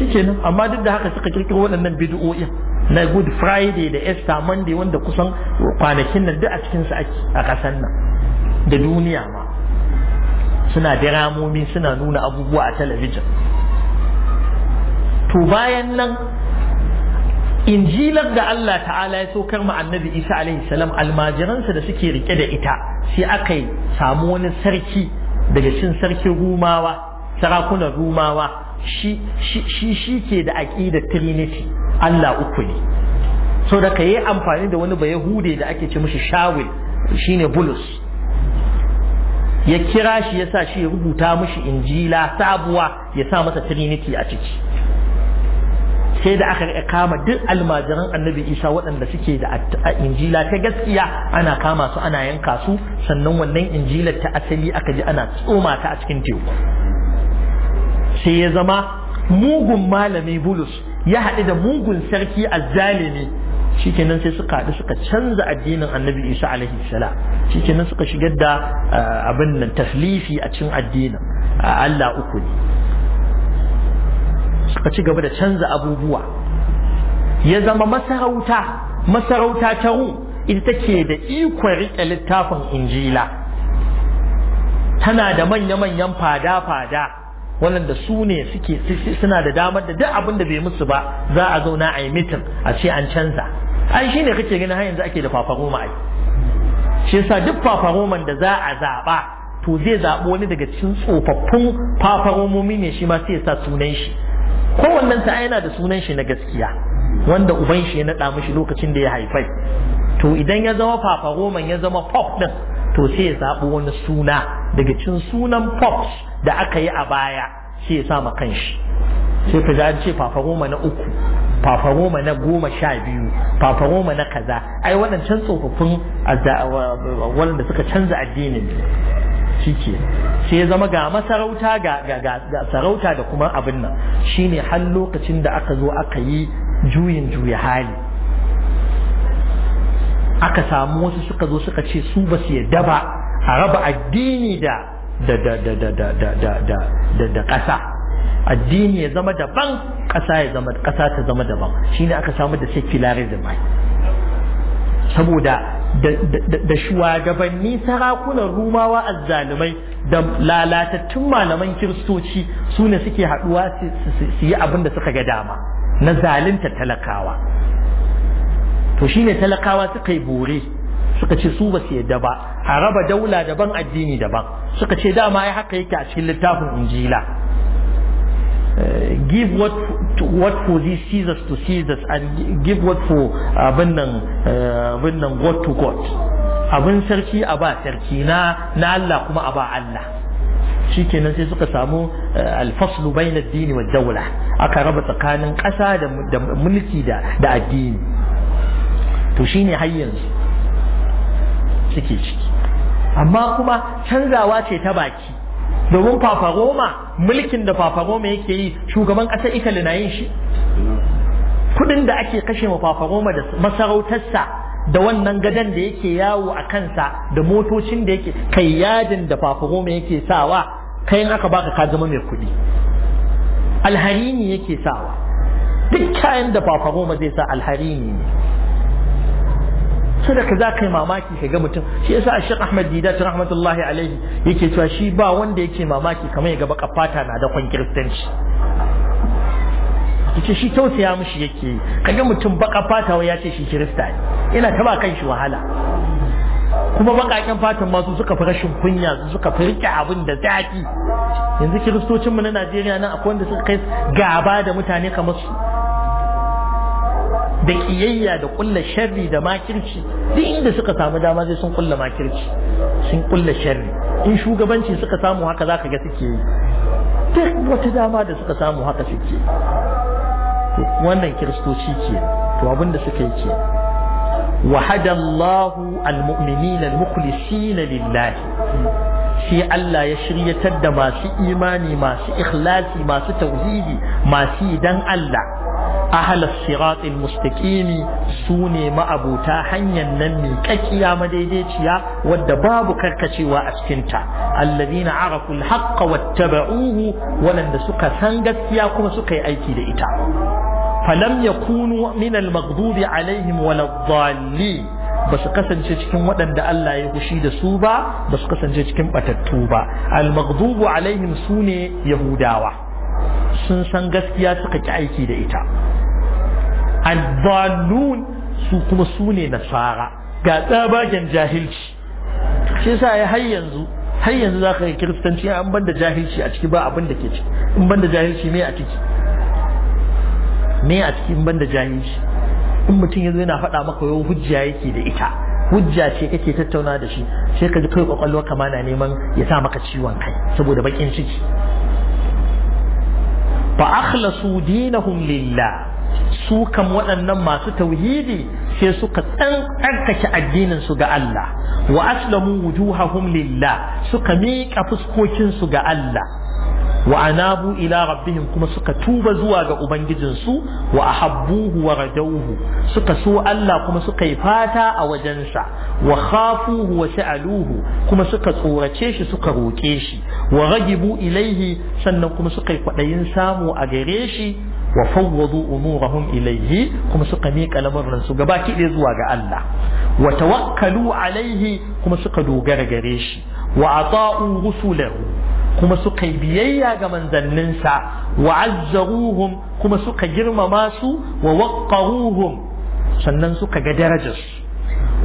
nan amma duk da haka suka kirkiro waɗannan bid'o'in na good friday da easter monday wanda kusan kwanakin nan duk a cikinsu a ƙasar nan da duniya ma suna diramomi suna nuna abubuwa a talabijin to bayan nan injilar da Allah ta'ala ya saukar ma annabi Isa alaihi salam almajiransa da suke rike da ita sai aka yi samu wani sarki daga cikin sarkin rumawa sarakunan rumawa shi shi shi ke da aqidar trinity Allah uku ne so da ka yi amfani da wani bayahude da ake ce mishi shawil shine bulus ya kira shi ya sa shi ya rubuta mashi injila sabuwa ya sa masa trinity a ciki sai da aka kama duk almajiran annabi isa waɗanda suke da injila ta gaskiya ana kama su ana yanka su sannan wannan injilar ta asali aka ji ana tsoma ta a cikin teku sai ya zama mugun malami bulus ya haɗu da mugun sarki azzalimi shikenan sai suka haɗu suka canza addinin annabi isa alaihi salam shikenan suka shigar da eh, abin nan taslifi a cikin addinin ah, Allah uku ne suka ci gaba da canza abubuwa ya zama masarauta masarauta ta ru ita take da ikon riƙe littafin injila tana da manya-manyan fada-fada waɗanda su ne suke suna da damar da duk abin da bai musu ba za a zauna a yi mitin a ce an canza ai shine kake ganin har yanzu ake da fafaroma ai shi yasa duk fafaroman da za a zaba to zai zabo wani daga cikin tsofaffin fafaromomi ne shi ma sai ya sa sunan shi kowannen sa yana da sunan shi na gaskiya wanda uban shi ya naɗa mishi lokacin da ya haifai to idan ya zama fafaroman ya zama pop din to sai ya zabo wani suna daga cikin sunan pop da aka yi a baya sai ya sa ma kanshi sai ka ji an ce fafaroma na uku fafaroma na goma sha biyu fafaroma na kaza ai waɗancan tsofaffin waɗanda suka canza addinin shi ke sai ya zama ga masarauta ga sarauta da kuma abin nan shine har lokacin da aka zo aka yi juyin juya hali aka samu wasu suka zo suka ce su ba su yadda ba a raba addini da da da da da da da da da ƙasa addini ya zama daban ƙasa ya zama ƙasa ta zama daban shine aka samu da secularism Mai saboda da shugabanni sarakunan rumawa azzalumai da lalatattun malaman kiristoci su ne suke haɗuwa su yi abin da suka ga dama na zalunta talakawa to shine talakawa suka yi bore suka ce su ba su yadda ba a raba daula daban addini daban suka ce dama ai haka yake a cikin littafin injila Eh, give what to, what for these Caesars to Caesars and give what for abin nan eh, abin God to God abin sarki a ba sarki na na Allah kuma a ba Allah shikenan sai suka samu eh, alfaslu bayan addini wa dawla aka raba tsakanin ƙasa da mulki da addini to shine har yanzu suke ciki amma kuma canzawa ce ta baki domin fafaroma mulkin da fafaroma yake yi shugaban ƙasar italy na yin shi kudin da ake kashe ma fafaroma da masarautarsa da wannan gadon da yake yawo a kansa da motocin da yake kai yadin da fafaroma yake sawa kai aka baka ka zama mai kudi alharini yake sawa duk kayan da fafaroma zai sa alharini ne so da ka za ka yi mamaki ka ga mutum shi yasa a shek ahmad ta rahmatullahi alaihi yake cewa shi ba wanda yake mamaki kamar ya baka fata na dakon kiristanci yace shi tausaya mishi yake ga mutum baka fata ya ce shi kirista ne yana ta ba kan shi wahala kuma bakakin fatan masu suka fi rashin kunya su suka fi rike abin da zaki yanzu kiristocin mu na Najeriya nan akwai wanda suka kai gaba da mutane kamar su da kiyayya da kulla sharri da makirci duk inda suka samu dama sai sun kulla makirci sun kulla sharri in shugabanci suka samu haka zaka ga suke yi duk wata dama da suka samu haka suke to wannan kiristoci ke to abinda suka yi ke wahadallahu almu'minina almukhlisina lillahi sai Allah ya shiryatar da masu imani masu ikhlasi masu tauhidi masu dan Allah ahalas siratin mustaqimi sune ne ma'abuta hanyar nan mai kakkiya madaidaiciya wadda babu karkacewa a cikinta allazina arafu alhaqqa wattaba'uhu wanda suka san gaskiya kuma suka yi aiki da ita falam yakunu min almaghdubi alaihim waladdallin ba su kasance cikin waɗanda Allah ya kushi da su ba ba su kasance cikin batattu ba almaghdubu alaihim sune yahudawa sun san gaskiya suka ki aiki da ita addalun su kuma su ne nasara ga tsabagen jahilci shi sa ya har yanzu har yanzu za ka yi kiristanci an ban da jahilci a ciki ba abin da ke ciki in ban da jahilci me a ciki me a ciki in ban da jahilci in mutum yanzu yana faɗa maka yau hujja yake da ita hujja ce kake tattauna da shi sai ka ji kai kwakwalwa kama na neman ya sa maka ciwon kai saboda bakin ciki fa akhlasu dinahum lillah su kam waɗannan masu tauhidi sai suka tsarkake addinin su ga Allah wa aslamu wujuhahum lillah suka miƙa fuskokin su ga Allah wa anabu ila rabbihim kuma suka tuba zuwa ga ubangijinsu wa ahabbuhu wa radawhu suka so Allah kuma suka yi fata a wajensa wa khafuhu wa sha'aluhu kuma suka tsorace shi suka roke shi wa ragibu ilaihi sannan kuma suka yi kwadayin samu a gare shi wa fawwadu umurahum ilaihi kuma suka miƙa lamarin su gabaki ɗaya zuwa ga Allah wa tawakkalu alaihi kuma suka dogara gare shi wa ata'u rusulahu kuma suka yi biyayya ga manzanninsa wa azzaruhum kuma suka girmama su wa waqqaruhum sannan suka ga darajar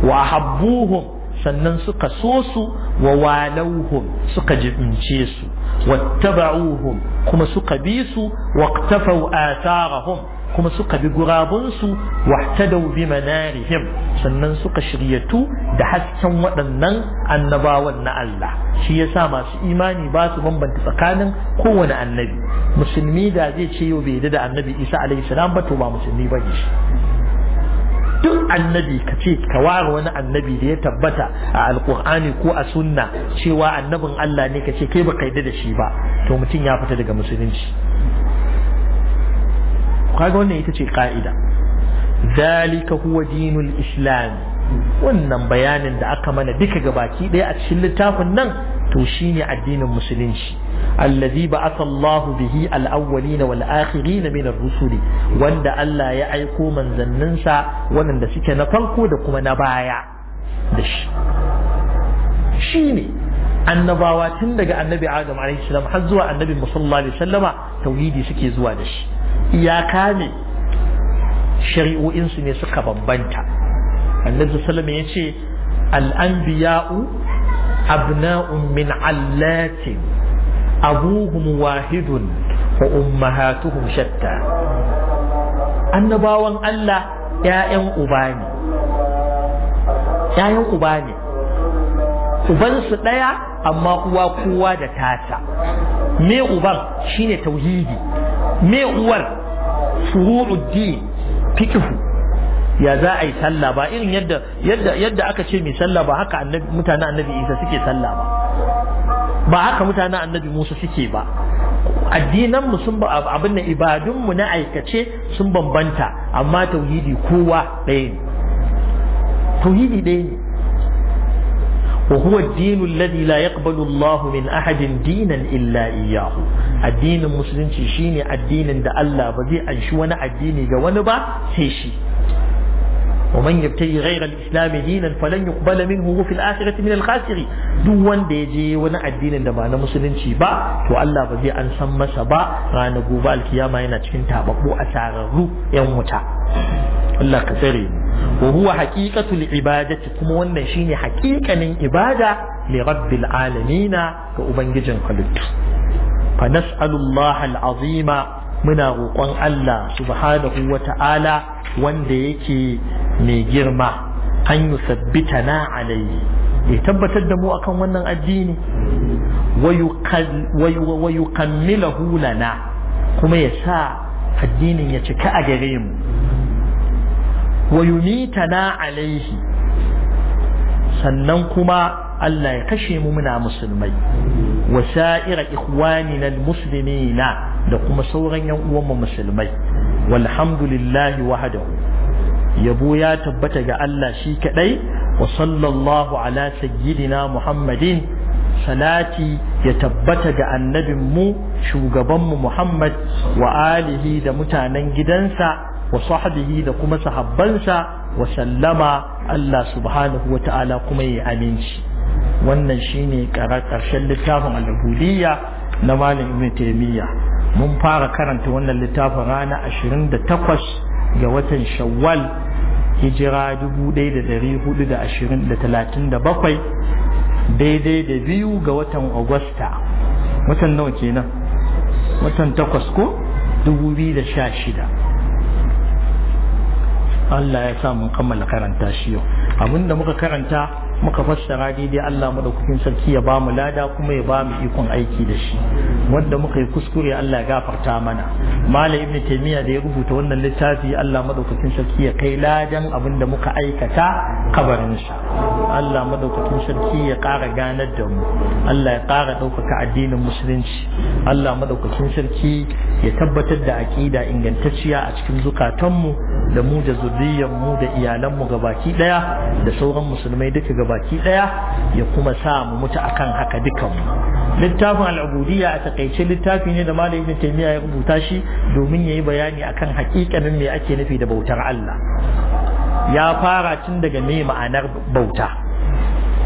wa habbuhum sannan suka so su wa walauhum suka jibince su wattaba'uhum kuma suka bi su waqtafau atarahum kuma suka bi gurabunsu wahtadaw bi manarihim sannan suka shiryatu da hasken waɗannan annabawan na Allah shi yasa masu imani ba su bambanta tsakanin kowane annabi musulmi da zai ce yau bai da annabi Isa alaihi salam ba to ba musulmi ba shi duk annabi ka ce ka ware wani annabi da ya tabbata a alkur'ani ko a sunna cewa annabin Allah ne ka ce kai baka da shi ba to mutum ya fita daga musulunci kaga wannan ita ce ka'ida zalika huwa dinul islam wannan bayanin da aka mana duka gabaki ɗaya a cikin littafin nan to shine addinin musulunci allazi ba'atha Allahu bihi al-awwalin wal na min ar-rusul wanda Allah ya aiko manzanninsa wanda suke na farko da kuma na baya da shi shine annabawa tun daga annabi Adam alaihi salam har zuwa annabi Muhammad sallallahu alaihi wasallama tauhidi suke zuwa da shi iyaka ne shari'o'insu ne suka bambanta annabi sallama ya ce al'anbiya'u abna'un min allatin abuhum wahidun wa ummahatuhum shatta annabawan Allah ‘ya'yan uba ne ‘ya'yan uba ne ubansu ɗaya amma uwa kowa da tata me uban shine tauhidi me uwar din fiqhu ya za a yi sallah ba irin yadda yadda yadda aka ce mai sallah ba haka annabi mutanen annabi Isa suke sallah ba ba haka mutanen annabi Musa suke ba addinan mu sun abin da ibadun mu na aikace sun bambanta amma tauhidi kowa ɗaya ne tauhidi ɗaya ne وهو الدين الذي لا يقبل الله من أحد دينا إلا إياه الدين المسلم شيني الدين دا الله بذي أنشونا الدين جوانبا هيشي ومن يبتغي غير الإسلام دينا فلن يقبل منه في الآخرة من الخاسرين duk wanda ya je wani addinin da ba na musulunci ba to Allah ba zai an san masa ba ranar gobe alkiyama yana cikin tababbu a tararru yan wuta Allah ka tsare mu wa huwa haqiqatul ibadati kuma wannan shine haqiqanin ibada li rabbil alamin ga ubangijin halittu fa al azima muna roƙon Allah subhanahu wa ta'ala wanda yake mai girma an yi sabbita na alayhi ya tabbatar da mu akan wannan addini wa hula na? kuma ya sa addinin ya cika a gare mu wa yumitana alaihi sannan kuma Allah ya kashe mu muna musulmai wa sa'ira ikhwanina almuslimina da kuma sauran yan uwanmu mu musulmai walhamdulillahi wahdahu yabo ya tabbata ga Allah shi kadai wa sallallahu ala sayyidina muhammadin salati ya tabbata ga annabinmu shugabanmu muhammad wa alihi da mutanen gidansa wa sahbihi da kuma sahabbansa wa sallama Allah subhanahu wa ta'ala kuma ya aminci wannan shine ƙarshen littafin al-hudiyya na malam taimiyya mun fara karanta wannan littafin rana 28 ga watan shawwal hijira 1437 daidai da biyu ga watan agusta watan nawa kenan watan takwas ko 2016 Allah ya sa mu kammala karanta shi yau abinda muka karanta muka fassara daidai Allah madaukakin sarki ya bamu lada kuma ya bamu ikon aiki da shi wanda muka yi kuskure Allah ya gafarta mana malam ibnu taymiya da ya rubuta wannan littafi Allah madaukakin sarki ya kai ladan abin da muka aikata kabarin shi Allah madaukakin sarki ya ƙara ganar da mu Allah ya ƙara ɗaukaka addinin musulunci Allah madaukakin sarki ya tabbatar da aqida ingantacciya a cikin zukatanmu da mu da zuriyarmu da iyalanmu gabaki daya da sauran musulmai duka baki daya ya kuma sa mu mutu akan haka dukan mu littafin al'ubudiyya a takaice littafi ne da malam ibn taymiya ya rubuta shi domin yayi bayani akan hakikanin me ake nufi da bautar Allah ya fara tun daga me ma'anar bauta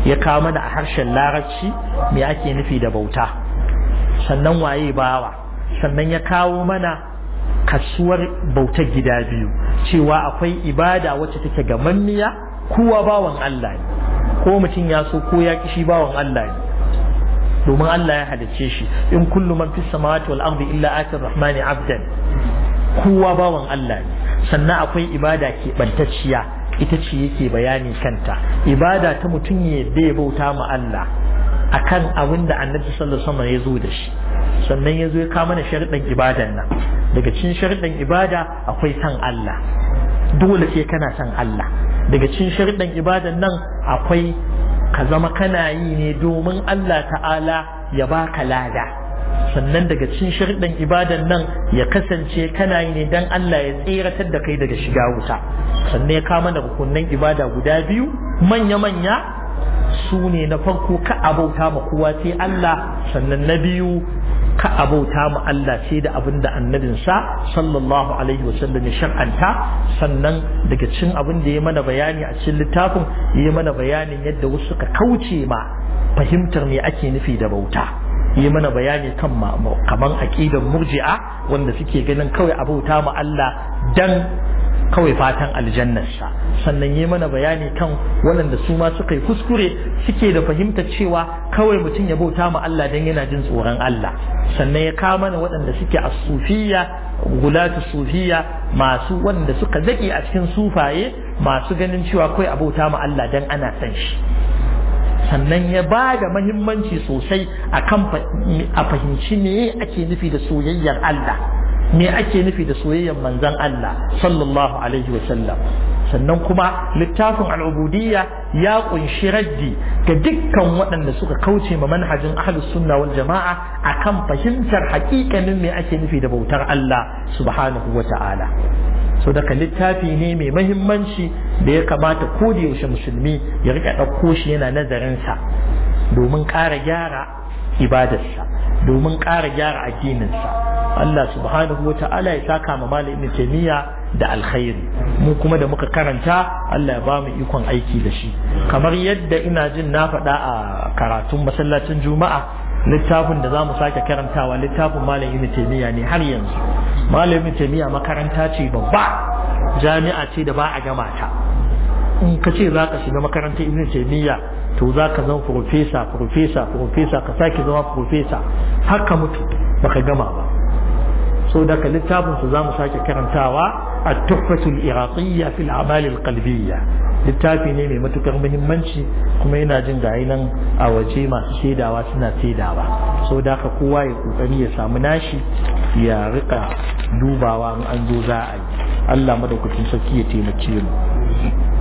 ya kawo mana a harshen larabci me ake nufi da bauta sannan waye bawa sannan ya kawo mana kasuwar bautar gida biyu cewa akwai ibada wacce take ga gamammiya kowa bawan Allah ne ko mutum ya so ko ya kishi bawan Allah ne domin Allah ya halicce shi in kullu man fis samawati wal ardi illa atir rahmani abdan kowa bawan Allah ne sannan akwai ibada ke bantacciya ita ce yake bayani kanta ibada ta mutum ya da ya bauta ma Allah akan abin da annabi sallallahu alaihi wasallam ya zo da shi sannan ya zo ya kama na sharuɗan ibadan nan daga cin sharuɗan ibada akwai san Allah dole sai kana san Allah daga cin sharuɗan ibadan nan akwai ka zama kana yi ne domin Allah ta'ala ya baka lada sannan daga cin sharuɗan ibadan nan ya kasance kana yi ne don Allah ya tseratar da kai daga shiga wuta sannan ya kama da rukunnan ibada guda biyu manya-manya su ne na farko ka abauta ma kowa sai Allah sannan na biyu ka abauta mu Allah ce da abin da annabinsa sallallahu alaihi sallam ya shar'anta sannan daga cin abin da ya mana bayani a cikin littafin ya mana bayanin yadda wasu ka kauce ma fahimtar me ake nufi da bauta yi mana bayani kan kaman aqidan murji'a wanda suke ganin kawai abauta mu Allah dan kawai fatan aljannarsa sannan yi mana bayani kan waɗanda su ma suka yi kuskure suke da fahimtar cewa kawai mutum ya bauta ma Allah don yana jin tsoron Allah sannan ya kawo mana waɗanda suke a sufiya gulatu sufiya masu waɗanda suka zaƙi a cikin sufaye masu ganin cewa kawai a bauta ma Allah don ana san shi sannan ya ba da mahimmanci sosai a fahimci me ake nufi da soyayyar Allah me ake nufi da soyayyar manzon Allah sallallahu alaihi wa sallam sannan kuma littafin al'ubudiyya ya kunshi raddi ga dukkan waɗanda suka kauce ma manhajin ahlus sunna wal jama'a akan fahimtar haƙiƙanin me ake nufi da bautar Allah subhanahu wa ta'ala so daga littafi ne mai mahimmanci da ya kamata ko da yaushe musulmi ya riƙa ɗauko shi yana nazarin sa domin ƙara gyara ibadarsa domin ƙara gyara addininsa Allah subhanahu wa ta'ala ya saka ma malam ibn da alkhairi mu kuma da muka karanta Allah ya bamu ikon aiki da shi kamar yadda ina jin na faɗa a karatun masallacin juma'a littafin da za mu sake karantawa littafin malam ibn ne har yanzu malam ibn makaranta ce babba jami'a ce da ba a gama ta in ka ce za ka shiga makarantar ibn taimiyya to za ka zama furfesa furfesa furfesa ka sake zama furfesa har ka mutu baka gama ba so daga littafin su za mu sake karantawa a tuhfatul iraqiyya fil amalil qalbiyya littafi ne mai matukar muhimmanci kuma yana jin ga nan a waje masu shaidawa suna shaidawa so da kowa ya kokari ya samu nashi ya rika dubawa in an zo za a yi Allah madaukakin sarki ya taimake mu